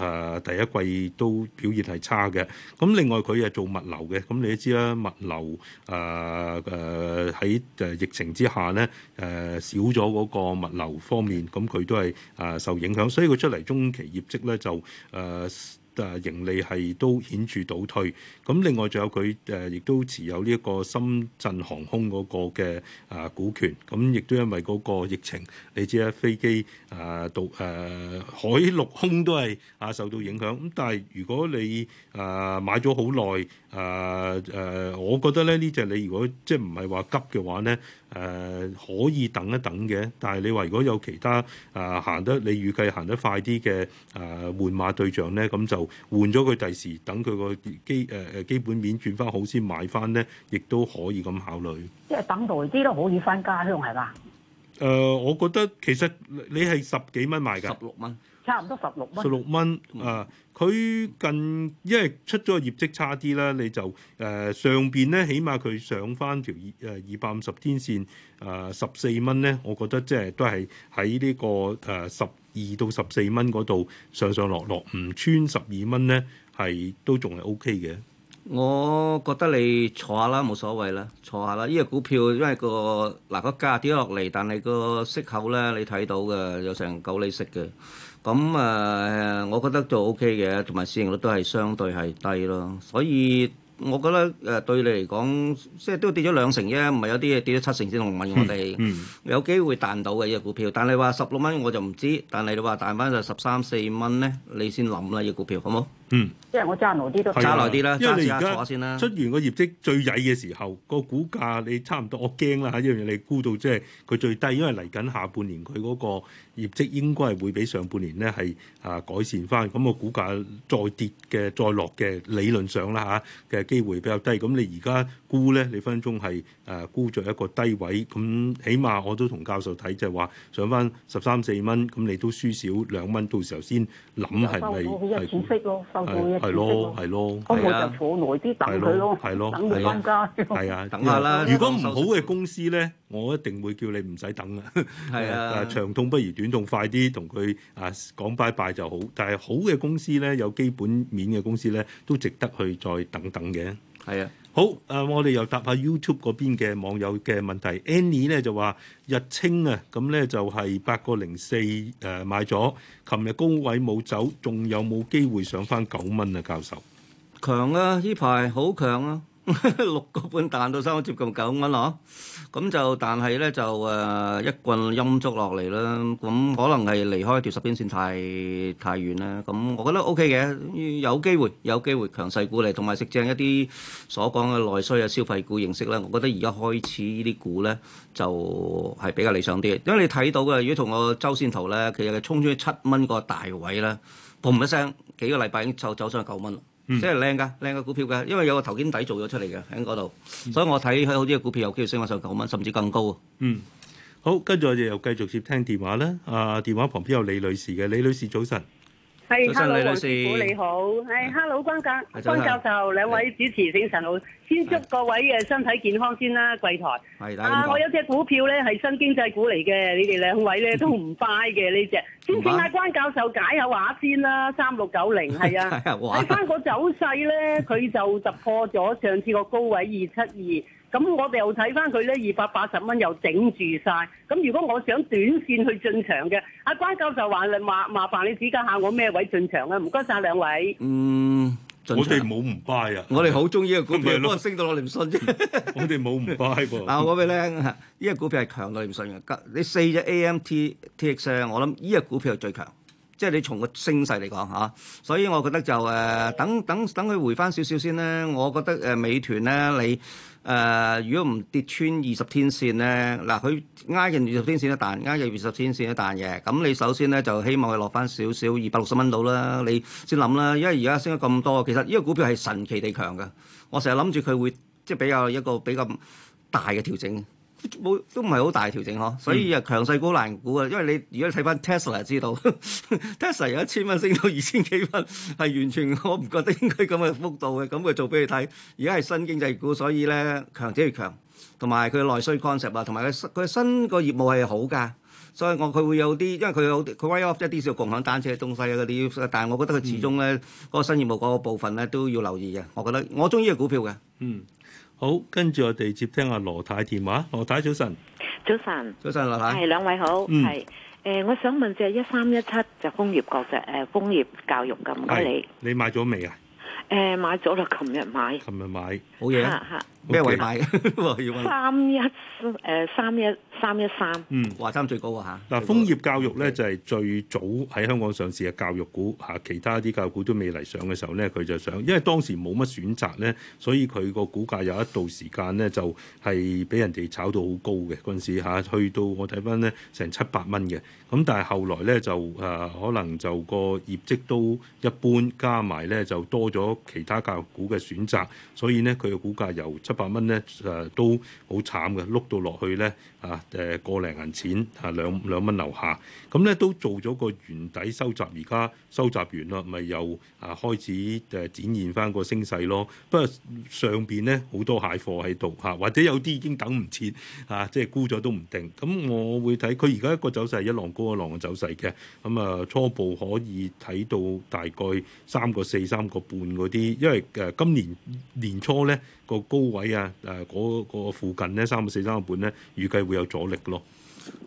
呃、第一季都表現係差嘅。咁另外佢係做物流嘅，咁你都知啦，物流。誒誒喺誒疫情之下咧，誒、呃、少咗嗰個物流方面，咁佢都係誒、呃、受影響，所以佢出嚟中期業績咧就誒誒、呃、盈利係都顯著倒退。咁另外仲有佢誒亦都持有呢一個深圳航空嗰個嘅誒、呃、股權，咁亦都因為嗰個疫情，你知啦，飛機誒到誒海陸空都係啊受到影響。咁但係如果你誒、呃、買咗好耐。誒誒，uh, uh, 我覺得咧呢隻你如果即係唔係話急嘅話咧，誒、uh, 可以等一等嘅。但係你話如果有其他誒、uh, 行得你預計行得快啲嘅誒換馬對象咧，咁就換咗佢，第時等佢個基誒誒、uh, 基本面轉翻好先買翻咧，亦都可以咁考慮。即係等待啲都可以翻家鄉係嘛？誒，uh, 我覺得其實你係十幾蚊買㗎，十六蚊。差唔多十六蚊，十六蚊啊！佢近因為出咗業績差啲啦，你就誒、呃、上邊咧，起碼佢上翻條二誒二百五十天線啊，十四蚊咧，我覺得即係都係喺呢個誒十二到十四蚊嗰度上上落落，唔穿十二蚊咧係都仲係 OK 嘅。我覺得你坐下啦，冇所謂啦，坐下啦。呢、這個股票因為個嗱個價跌咗落嚟，但係個息口咧你睇到嘅有成九厘息嘅。咁、嗯、啊、呃，我覺得就 O K 嘅，同埋市盈率都係相對係低咯。所以我覺得誒、呃、對你嚟講，即係都跌咗兩成啫，唔係有啲嘢跌咗七成先同埋我哋。嗯、有機會彈到嘅呢隻股票，但係你話十六蚊我就唔知，但係你話彈翻就十三四蚊咧，你先諗啦，呢、這個股票好冇？嗯，即係我揸牢啲都揸牢啲啦。因為你而家出完個業績最曳嘅時候，個股價你差唔多。我驚啦嚇，一樣你估到即係佢最低，因為嚟緊下，下半年佢嗰個業績應該係會比上半年咧係啊改善翻。咁、個股價再跌嘅、再落嘅理論上啦嚇嘅機會比較低。咁你而家。估咧，你分分鐘係估着一個低位，咁起碼我都同教授睇就係話上翻十三四蚊，咁你都輸少兩蚊，到時候先諗係咪係咯係咯係咯，我我就坐耐啲等佢咯，等佢收街。係啊，等下啦。如果唔好嘅公司咧，我一定會叫你唔使等啊。係啊，長痛不如短痛，快啲同佢啊講拜拜就好。但係好嘅公司咧，有基本面嘅公司咧，都值得去再等等嘅。係啊。好，誒、呃，我哋又答下 YouTube 嗰邊嘅網友嘅問題。Annie 咧就話日清啊，咁、嗯、咧就係八個零四誒買咗，琴日高位冇走，仲有冇機會上翻九蚊啊？教授，強啊！呢排好強啊！ 六個半彈到三個接近九蚊咯，咁、啊、就但係咧就誒、呃、一棍陰燭落嚟啦。咁可能係離開條十邊線太太遠啦。咁我覺得 OK 嘅，有機會有機會強勢股嚟，同埋食正一啲所講嘅內需啊消費股形式咧。我覺得而家開始呢啲股咧就係、是、比較理想啲，因為你睇到嘅如果同我周線圖咧，其實佢衝出七蚊個大位咧，砰一聲幾個禮拜已經走走上去九蚊。即係靚噶，靚嘅、嗯、股票嘅，因為有個頭肩底做咗出嚟嘅喺嗰度，嗯、所以我睇喺好啲嘅股票有機會升返上九蚊，甚至更高。嗯，好，跟住我哋又繼續接聽電話啦。啊，電話旁邊有李女士嘅，李女士早晨。係，hello 黃師傅你好，係 hello 關教關教授，兩位主持，姓陳老先祝各位嘅身體健康先啦，櫃台。啊，我有隻股票咧係新經濟股嚟嘅，你哋兩位咧都唔快嘅呢隻，先請阿關教授解下話先啦，三六九零，係啊，睇返個走勢咧，佢就突破咗上次個高位二七二。咁我哋又睇翻佢咧，二百八十蚊又頂住晒。咁如果我想短線去進場嘅，阿關教授話你，麻麻煩你指教下我咩位進場啊？唔該晒兩位。嗯，我哋冇唔 buy 啊！我哋好中意呢個股票，對不過升到我哋唔信啫。 我哋冇唔 buy 喎。嗱，我嗰邊咧，呢個股票係強到你唔信嘅。你四隻 AMT、TX 商，我諗呢個股票係最強，即係你從個升勢嚟講嚇。所以我覺得就誒等等等佢回翻少少先啦。我覺得誒美團咧，你。你你誒、呃，如果唔跌穿二十天線咧，嗱，佢挨緊二十天線一彈，挨緊二十天線一彈嘅，咁你首先咧就希望佢落翻少少二百六十蚊度啦，你先諗啦，因為而家升咗咁多，其實呢個股票係神奇地強嘅，我成日諗住佢會即係比較一個比較大嘅調整。冇都唔係好大調整嗬，的所以啊強勢股難估啊，因為你如果睇翻 Tesla 就知道呵呵，Tesla 由一千蚊升到二千幾蚊，係完全我唔覺得應該咁嘅幅度嘅，咁佢做俾你睇。而家係新經濟股，所以咧強者愈強，同埋佢內需 concept 啊，同埋佢佢新個業務係好㗎，所以我佢會有啲，因為佢有佢 write off 即係啲少共享單車東西嗰啲，但係我覺得佢始終咧嗰、嗯、新業務嗰部分咧都要留意嘅。我覺得我中意嘅股票嘅，嗯。好，跟住我哋接聽阿羅太電話。羅太早晨，早晨，早晨，羅太係兩位好，係誒、嗯呃，我想問 17, 就一三一七就楓葉國際誒楓葉教育咁你，你買咗未啊？誒、呃，買咗啦，琴日買，琴日買，好嘢。 咩位買？ 三？三一誒三一三一三，嗯，華三最高嚇。嗱，楓葉教育咧就係、是、最早喺香港上市嘅教育股嚇、啊，其他啲教育股都未嚟上嘅時候咧，佢就上，因為當時冇乜選擇咧，所以佢個股價有一度時間咧就係、是、俾人哋炒到好高嘅嗰陣時嚇、啊，去到我睇翻咧成七百蚊嘅。咁、啊、但係後來咧就誒、啊、可能就個業績都一般加呢，加埋咧就多咗其他教育股嘅選擇，所以咧佢嘅股價由一百蚊咧，誒，都好慘嘅，碌到落去咧。啊，誒個零銀錢，啊兩兩蚊樓下，咁、啊、咧都做咗個圓底收集，而家收集完啦，咪又啊開始誒、啊、展現翻個升勢咯。不過上邊咧好多蟹貨喺度嚇，或者有啲已經等唔切嚇，即係沽咗都唔定。咁、啊、我會睇佢而家一個走勢係一浪高一浪嘅走勢嘅，咁啊初步可以睇到大概三個四三個半嗰啲，因為誒、啊、今年年初咧、嗰個高位啊誒嗰、嗰個附近咧三個四三個半咧預計會。會有阻力咯。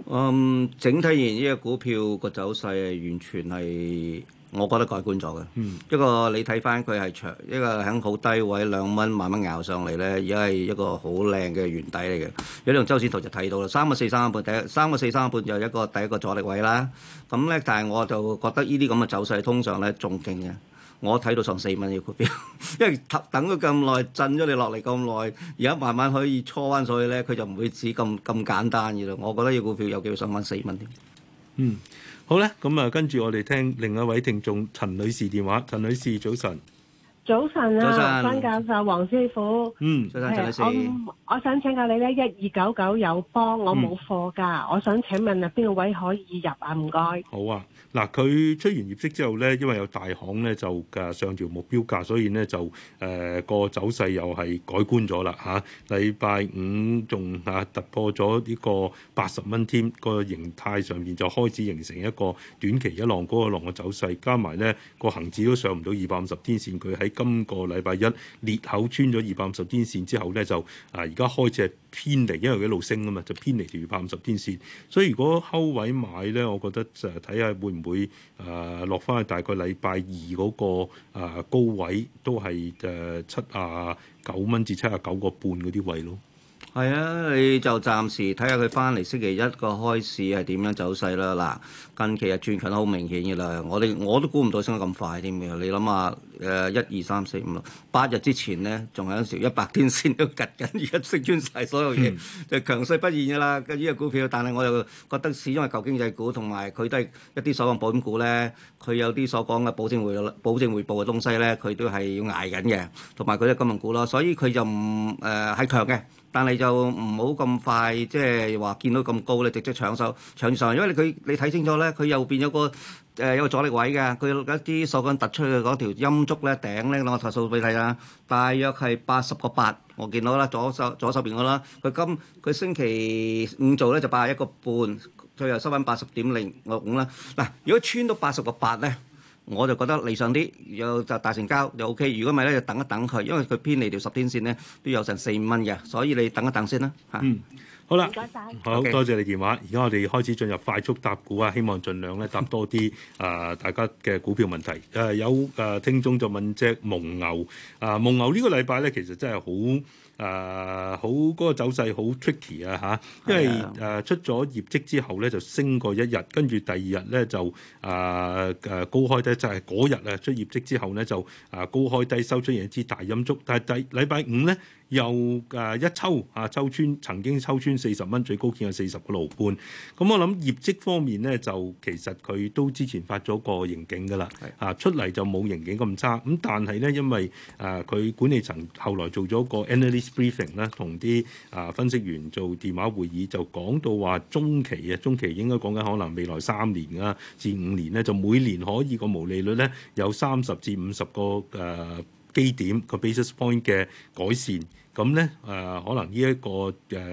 嗯，整體而言，呢個股票個走勢係完全係，我覺得改觀咗嘅、嗯。一個你睇翻佢係長一個喺好低位兩蚊慢慢咬上嚟咧，而家係一個好靚嘅圓底嚟嘅。因為從周線圖就睇到啦，三個四三個半第一三個四三個半就係一個第一個阻力位啦。咁、嗯、咧，但係我就覺得呢啲咁嘅走勢通常咧仲勁嘅。我睇到上四蚊嘅股票，因為等咗咁耐，震咗你落嚟咁耐，而家慢慢可以搓翻，所以咧佢就唔會止咁咁簡單嘅啦。我覺得要股票有機會上翻四蚊添。嗯，好咧，咁啊，跟住我哋聽另一位聽眾陳女士電話。陳女士早晨，早晨啊，張教授，黃師傅，嗯，早晨，陳女士，我我想請教你咧，一二九九有幫我冇貨噶，我想請問啊，邊個位可以入啊？唔該，好啊。嗱佢出完業績之後咧，因為有大行咧就嘅上調目標價，所以咧就誒個、呃、走勢又係改觀咗啦嚇。禮拜五仲啊突破咗呢個八十蚊添，個形態上面就開始形成一個短期一浪嗰個浪嘅走勢。加埋咧個恆指都上唔到二百五十天線，佢喺今個禮拜一裂口穿咗二百五十天線之後咧就啊而家開始係偏離，因為佢一路升啊嘛，就偏離條二百五十天線。所以如果高位買咧，我覺得就睇下會唔會誒、呃、落翻去大概禮拜二嗰個誒、呃、高位都，都係誒七啊九蚊至七啊九個半嗰啲位咯。係啊！你就暫時睇下佢翻嚟星期一,一個開市係點樣走勢啦。嗱，近期啊，轉強得好明顯嘅啦。我哋我都估唔到升得咁快添嘅。你諗下，誒、呃，一二三四五六八日之前咧，仲有嗰時 一百天線都趌緊，而家升穿晒所有嘢，嗯、就強勢不現嘅啦。依、這個股票，但係我又覺得始終係舊經濟股，同埋佢都係一啲所謂保險股咧，佢有啲所講嘅保證回保證回報嘅東西咧，佢都係要捱緊嘅，同埋佢啲金融股咯。所以佢就唔誒係強嘅。但係就唔好咁快，即係話見到咁高咧，你直接搶手搶上，因為佢你睇清楚咧，佢右邊有個誒、呃、有個阻力位嘅，佢有一啲手桿突出嘅嗰條陰燭咧頂咧，我抬數俾你睇下，大約係八十個八，我見到啦，左手左手邊個啦，佢今佢星期五做咧就八十一個半，最後收翻八十點零六五啦。嗱，如果穿到八十個八咧。我就覺得理想啲，有就大成交就 OK。如果唔係咧，就等一等佢，因為佢偏離條十天線咧，都有成四五蚊嘅，所以你等一等先啦嚇、嗯。好啦，謝謝 Okay. 好多謝你電話。而家我哋開始進入快速答股啊，希望盡量咧答多啲啊、呃，大家嘅股票問題。誒、呃、有誒、呃、聽眾就問隻蒙牛啊，蒙、呃、牛個禮呢個禮拜咧其實真係好。誒、uh, 好嗰、那個走勢好 tricky 啊嚇，因為誒 Yeah.、uh, 出咗業績之後咧就升過一日，跟住第二日咧就誒誒、uh, 高開低，就係嗰日啊出業績之後咧就誒高開低收，出現一支大陰燭，但係第禮拜五咧。又誒一抽啊，抽穿曾經抽穿四十蚊，最高見有四十個盧半。咁、嗯、我諗業績方面咧，就其實佢都之前發咗個盈警噶啦，的啊出嚟就冇盈警咁差。咁但係咧，因為啊佢管理層後來做咗個 analyst briefing 咧，同啲啊分析員做電話會議，就講到話中期啊，中期應該講緊可能未來三年啊至五年咧，就每年可以個毛利率咧有三十至五十個誒。啊基點個 basis point 嘅改善，咁咧誒可能呢、這、一個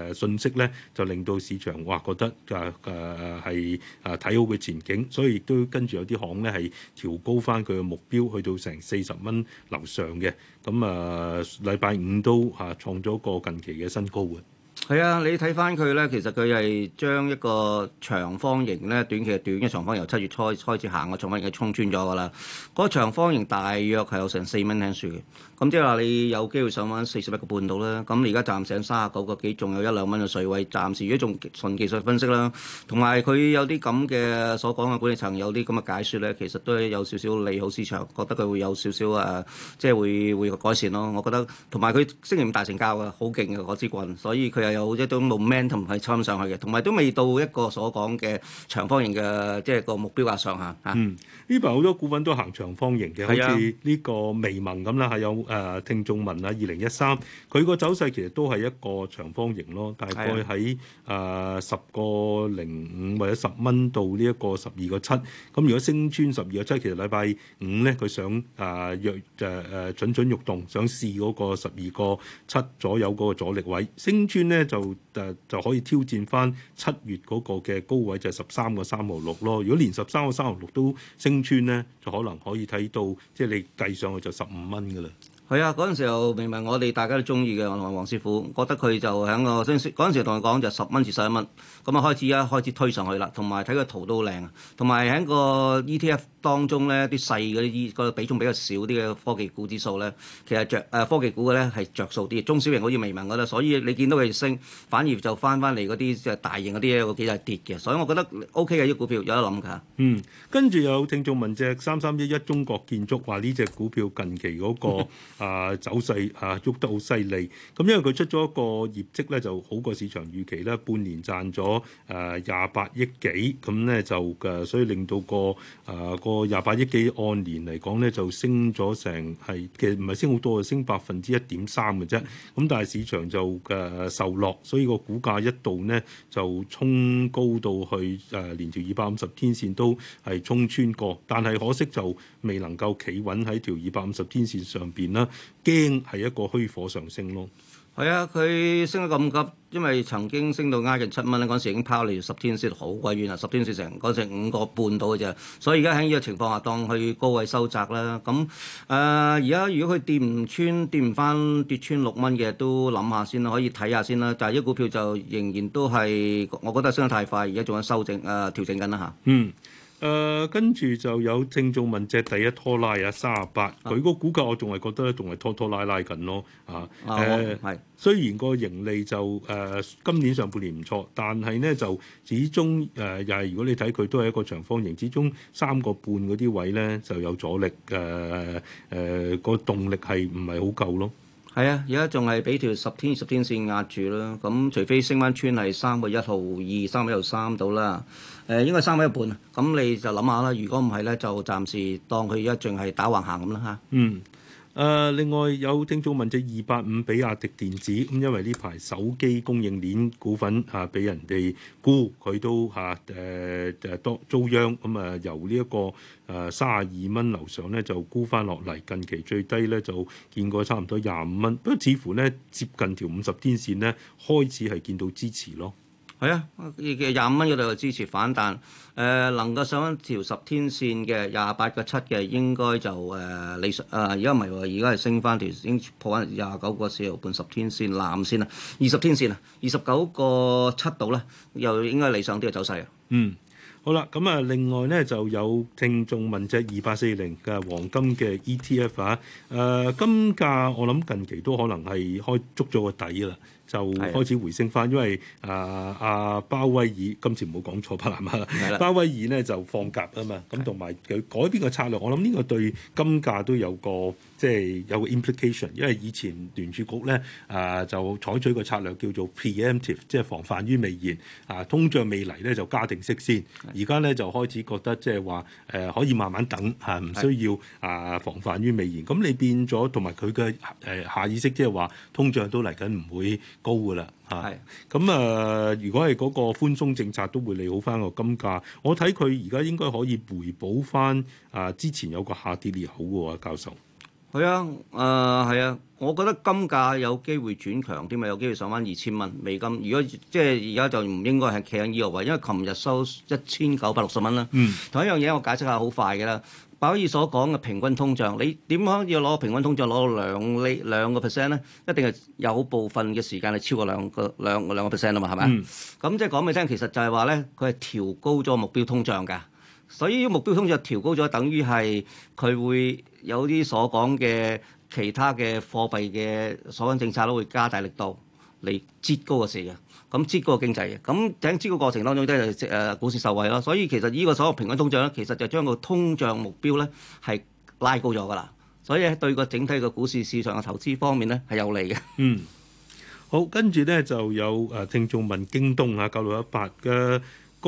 誒信、uh, 息咧，uh, 就令到市場哇覺得誒誒係誒睇好佢前景，所以亦都跟住有啲行咧係、uh, 調高翻佢嘅目標去到成四十蚊樓上嘅，咁啊禮拜五都嚇、uh, 創咗個近期嘅新高嘅。係啊，你睇翻佢咧，其實佢係將一個長方形咧，短期係短嘅長方形，由七月初開始行個長方形嘅沖穿咗噶啦，嗰、嗰個長方形大約係有成四蚊一樹嘅。咁即係話你有機會上翻四十一個半度啦，咁而家暫時喺三十九個幾，仲有一兩蚊嘅水位。暫時如果仲純技術分析啦，同埋佢有啲咁嘅所講嘅管理層有啲咁嘅解説咧，其實都係有少少利好市場，覺得佢會有少少啊，即係會會改善咯。我覺得同埋佢星期五大成交嘅，好勁嘅嗰支棍，所以佢又有一多都 moment 同埋衝上去嘅，同埋都未到一個所講嘅長方形嘅，即係個目標啊上下。嚇。嗯，呢排好多股份都行長方形嘅，好似呢個微盟咁啦，係有。誒、uh, 聽眾問啊，二零一三佢個走勢其實都係一個長方形咯，大概喺誒十個零五或者十蚊到呢一個十二個七。咁如果升穿十二個七，其實禮拜五咧佢想誒約誒誒蠢蠢欲動，想試嗰個十二個七左右嗰個阻力位。升穿咧就誒、uh, 就可以挑戰翻七月嗰個嘅高位，就係十三個三毫六咯。如果連十三個三毫六都升穿咧，就可能可以睇到，即係你計上去就十五蚊嘅啦。係啊！嗰陣時候，明明我哋大家都中意嘅，同埋黃師傅覺得佢就喺個嗰陣時同佢講就十蚊至十一蚊，咁啊開始一開始推上去啦。同埋睇個圖都靚啊，同埋喺個 ETF 當中咧，啲細嗰啲、個比重比較少啲嘅科技股指數咧，其實着誒、啊、科技股嘅咧係着數啲，中小型好似迷茫噶啦。所以你見到佢升，反而就翻翻嚟嗰啲即係大型嗰啲嘢，個幾日跌嘅。所以我覺得 OK 嘅啲股票有得諗㗎。嗯，跟住有聽眾問隻三三一一中國建築，話呢隻股票近期嗰個。 啊，走勢啊，喐得好犀利。咁因為佢出咗個業績咧，就好過市場預期咧，半年賺咗誒廿八億幾。咁咧就嘅、啊，所以令到個誒、啊、個廿八億幾按年嚟講咧，就升咗成係其實唔係升好多，升百分之一點三嘅啫。咁但係市場就嘅、啊、受落，所以個股價一度呢，就衝高到去誒連條二百五十天線都係衝穿過，但係可惜就，未能夠企穩喺條二百五十天線上邊啦，驚係一個虛火上升咯。係啊，佢升得咁急，因為曾經升到挨近七蚊咧，嗰時已經拋離十天線好鬼遠啊，十天線成成五個半度嘅啫。所以而家喺呢個情況下，當佢高位收窄啦。咁誒，而家如果佢跌唔穿，跌唔返跌穿六蚊嘅，都諗下先啦，可以睇下先啦。但係呢股票就仍然都係，我覺得升得太快，而家仲喺修整誒調整緊啦嚇。嗯。誒跟住就有正做文隻第一拖拉啊三廿八，佢個股價我仲係覺得咧，仲係拖拖拉拉緊咯啊！誒，雖然個盈利就誒今年上半年唔錯，但係呢就始終誒又係如果你睇佢都係一個長方形，始終三個半嗰啲位呢就有阻力誒誒個動力係唔係好夠咯？係啊，而家仲係俾條十天二十天線壓住啦。咁除非升翻穿係三個一號二三個一號三到啦。誒 應該三蚊一半啊！咁你就諗下啦，如果唔係咧，就暫時當佢而家仲係打橫行咁啦嚇。嗯。誒、呃，另外有聽眾問隻二百五，比亞迪電子咁，因為呢排手機供應鏈股份嚇俾人哋沽，佢都嚇誒誒多遭殃咁啊！呃嗯呃、由呢、這、一個誒三十二蚊樓上咧，就沽翻落嚟，近期最低咧就見過差唔多廿五蚊，不過似乎咧接近條五十天線咧，開始係見到支持咯。係啊，廿五蚊嗰度支持反彈。誒、呃，能夠上一條十天線嘅，廿八個七嘅，應該就誒理想。啊、呃，而家唔係話，而家係升翻條，已經破翻廿九個四毫半十天線藍線啊，二十天線啊，二十九個七度啦，又應該理想啲嘅走勢啊。嗯，好啦，咁啊，另外咧就有聽眾問隻二八四零嘅黃金嘅 ETF 啊，誒、呃，金價我諗近期都可能係開捉咗個底啦。就開始回升翻，因為啊啊鮑威爾今次冇講錯不難嘛。鮑威爾咧就放鴿啊嘛，咁同埋佢改變個策略。我諗呢個對金價都有個即係有個 implication，因為以前聯儲局咧啊、呃、就採取個策略叫做 preemptive，即係防範於未然啊，通脹未嚟咧就加定息先。而家咧就開始覺得即係話誒可以慢慢等吓，唔需要啊、呃、防範於未然。咁、嗯、你變咗同埋佢嘅誒下意識，即係話通脹都嚟緊，唔會。高嘅啦，係，咁啊，如果係嗰個寬鬆政策都會利好翻個金價，我睇佢而家應該可以回補翻啊之前有個下跌裂口嘅喎，教授。係啊，誒、呃、係啊，我覺得金價有機會轉強啲嘛，有機會上翻二千蚊美金。如果即係而家就唔應該係企喺呢個位，因為琴日收一千九百六十蚊啦。嗯。同一樣嘢，我解釋下好快嘅啦。保爾所講嘅平均通脹，你點可以攞平均通脹攞到兩釐兩個 percent 咧？一定係有部分嘅時間係超過兩個兩兩個 percent 啊嘛，係咪？咁即係講畀你聽，其實就係話咧，佢係調高咗目標通脹嘅，所以目標通脹調高咗，等於係佢會有啲所講嘅其他嘅貨幣嘅所謂政策都會加大力度嚟擠高個市嘅。咁刺激個經濟嘅，咁整刺激過程當中都係誒股市受惠咯，所以其實呢個所謂平均通脹咧，其實就將個通脹目標咧係拉高咗㗎喇，所以對個整體個股市市場嘅投資方面咧係有利嘅。嗯，好，跟住咧就有誒、呃、聽眾問京東啊，九六一八嘅。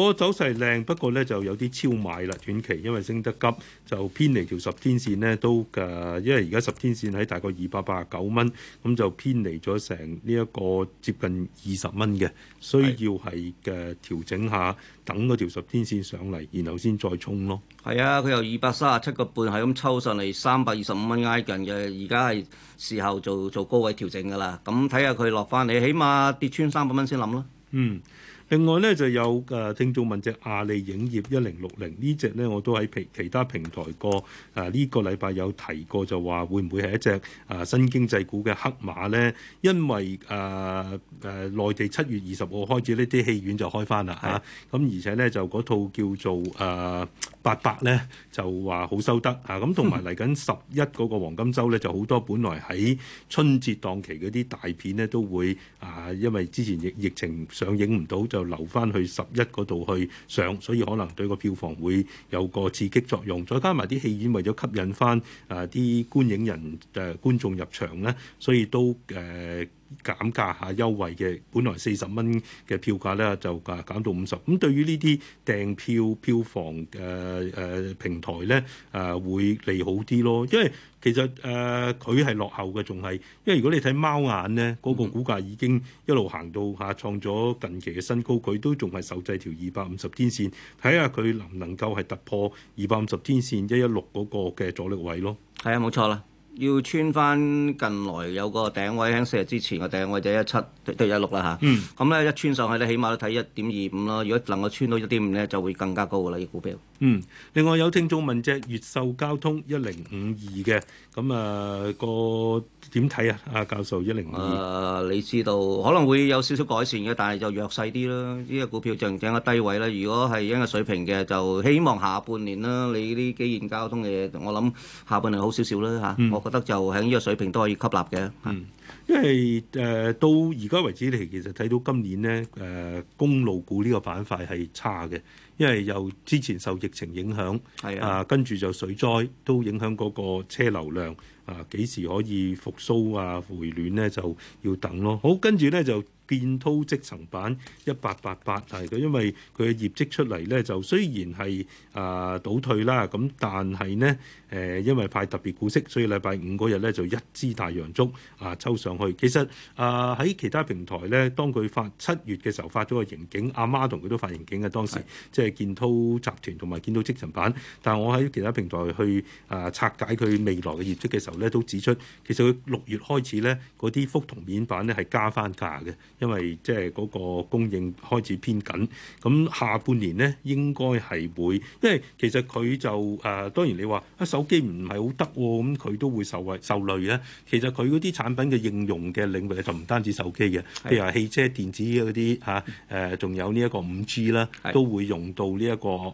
個走勢靚，不過咧就有啲超買啦，短期因為升得急就偏離條十天線呢都誒，因為而家十天線喺大概二百八十九蚊，咁就偏離咗成呢一個接近二十蚊嘅，需要係誒是調整下，等嗰條十天線上嚟，然後先再衝咯。係啊，佢由二百三十七個半係咁抽上嚟三百二十五蚊挨近嘅，而家係時候做做高位調整㗎啦。咁睇下佢落翻嚟，起碼跌穿三百蚊先諗咯。嗯。另外咧就有誒聽眾問隻阿里影業 60, 一零六零呢隻咧，我都喺其他平台過，啊，這個誒呢個禮拜有提過，就話會唔會係一隻誒新經濟股嘅黑馬咧？因為誒誒、啊啊、內地七月二十號開始呢啲戲院就開翻啦嚇，咁是、啊、而且咧就嗰套叫做誒八佰咧就話好收得嚇，咁同埋嚟緊十一嗰個黃金週咧、嗯、就好多本來喺春節檔期嗰啲大片咧都會啊，因為之前疫疫情上映唔到。就留翻去十一嗰度去上，所以可能對個票房會有個刺激作用。再加埋啲戲院，為咗吸引翻誒啲觀影人誒、呃、觀眾入場咧，所以都誒。呃減價下優惠嘅，本來四十蚊嘅票價咧就啊減到五十。咁對於呢啲訂票票房嘅誒、呃、平台咧啊、呃，會利好啲咯。因為其實誒佢係落後嘅，仲係因為如果你睇貓眼咧，嗰、那個股價已經一路行到嚇、啊、創咗近期嘅新高，佢都仲係受制條二百五十天線，睇下佢能唔能夠係突破二百五十天線一一六嗰個嘅阻力位咯。係啊，冇錯啦。要穿翻近來有個頂位喺四日之前嘅頂位就 1, 7, 3, 3, 6、啊，就一七對一六啦嚇。咁咧一穿上去咧，起碼都睇一點二五咯。如果能夠穿到一點五咧，就會更加高噶啦，啲股票。嗯，另外有聽眾問隻越秀交通一零五二嘅，咁啊個點睇啊？阿、那個啊、教授一零五二。誒、呃，你知道可能會有少少改善嘅，但係就弱勢啲咯。呢個股票就整個低位啦。如果係一個水平嘅，就希望下半年啦。你呢幾件交通嘅嘢，我諗下半年好少少啦嚇。啊嗯覺得就喺呢個水平都可以吸納嘅。嗯，因為誒、呃、到而家為止嚟，其實睇到今年呢誒、呃、公路股呢個板塊係差嘅，因為又之前受疫情影響，係啊，跟住、啊、就水災都影響嗰個車流量。啊，幾時可以復甦啊？回暖呢就要等咯。好，跟住呢就建滔積層板一八八八係佢，因為佢嘅業績出嚟呢，就雖然係啊、呃、倒退啦，咁但係呢，誒、呃，因為派特別股息，所以禮拜五嗰日呢就一支大陽燭啊抽上去。其實啊喺其他平台呢，當佢發七月嘅時候發咗個盈警，阿媽同佢都發盈警嘅當時，是的 即係建滔集團同埋建滔積層板。但係我喺其他平台去啊、呃、拆解佢未來嘅業績嘅時候。咧都指出，其實佢六月開始咧，嗰啲覆銅面板咧係加翻價嘅，因為即係嗰個供應開始偏緊。咁下半年咧應該係會，因為其實佢就誒當然你話啊手機唔係好得，咁佢都會受惠受累咧。其實佢嗰啲產品嘅應用嘅領域就唔單止手機嘅，譬如話汽車、電子嗰啲嚇誒，仲有呢一個五 G 啦，都會用到呢一個誒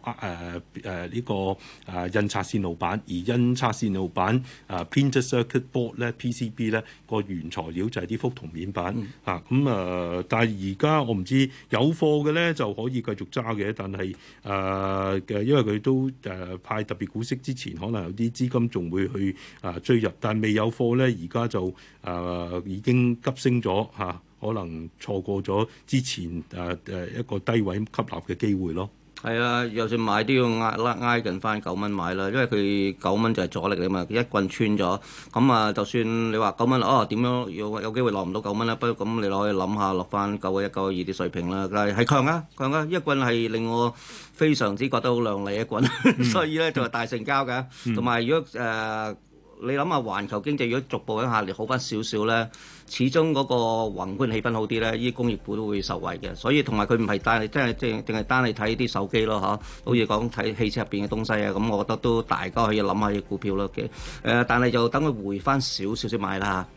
誒呢個啊印刷線路板，而印刷線路板啊編。即係 circuit board 咧，PCB 咧個原材料就係啲覆銅面板嚇咁、嗯、啊！但係而家我唔知有貨嘅咧就可以繼續揸嘅，但係啊嘅，因為佢都誒、啊、派特別股息之前，可能有啲資金仲會去啊追入，但係未有貨咧，而家就啊已經急升咗嚇、啊，可能錯過咗之前啊誒一個低位吸納嘅機會咯。係啊，就算買都要挨拉挨近翻九蚊買啦，因為佢九蚊就係阻力啊嘛，佢一棍穿咗。咁啊，就算你話九蚊，哦點樣有有機會落唔到九蚊咧？不過咁你攞去諗下，落翻九一九二啲水平啦。係係強啊，強啊！一棍係令我非常之覺得好亮麗一棍，mm hmm. 所以咧就係大成交嘅。同埋如果誒你諗下，環球經濟如果逐步一下你好翻少少咧。始終嗰個宏觀氣氛好啲咧，呢啲工業股都會受惠嘅。所以同埋佢唔係單係，即係即係淨係單係睇啲手機咯，嚇。好似講睇汽車入邊嘅東西啊，咁我覺得都大家可以諗下啲股票咯嘅。誒、呃，但係就等佢回翻少少先買啦嚇。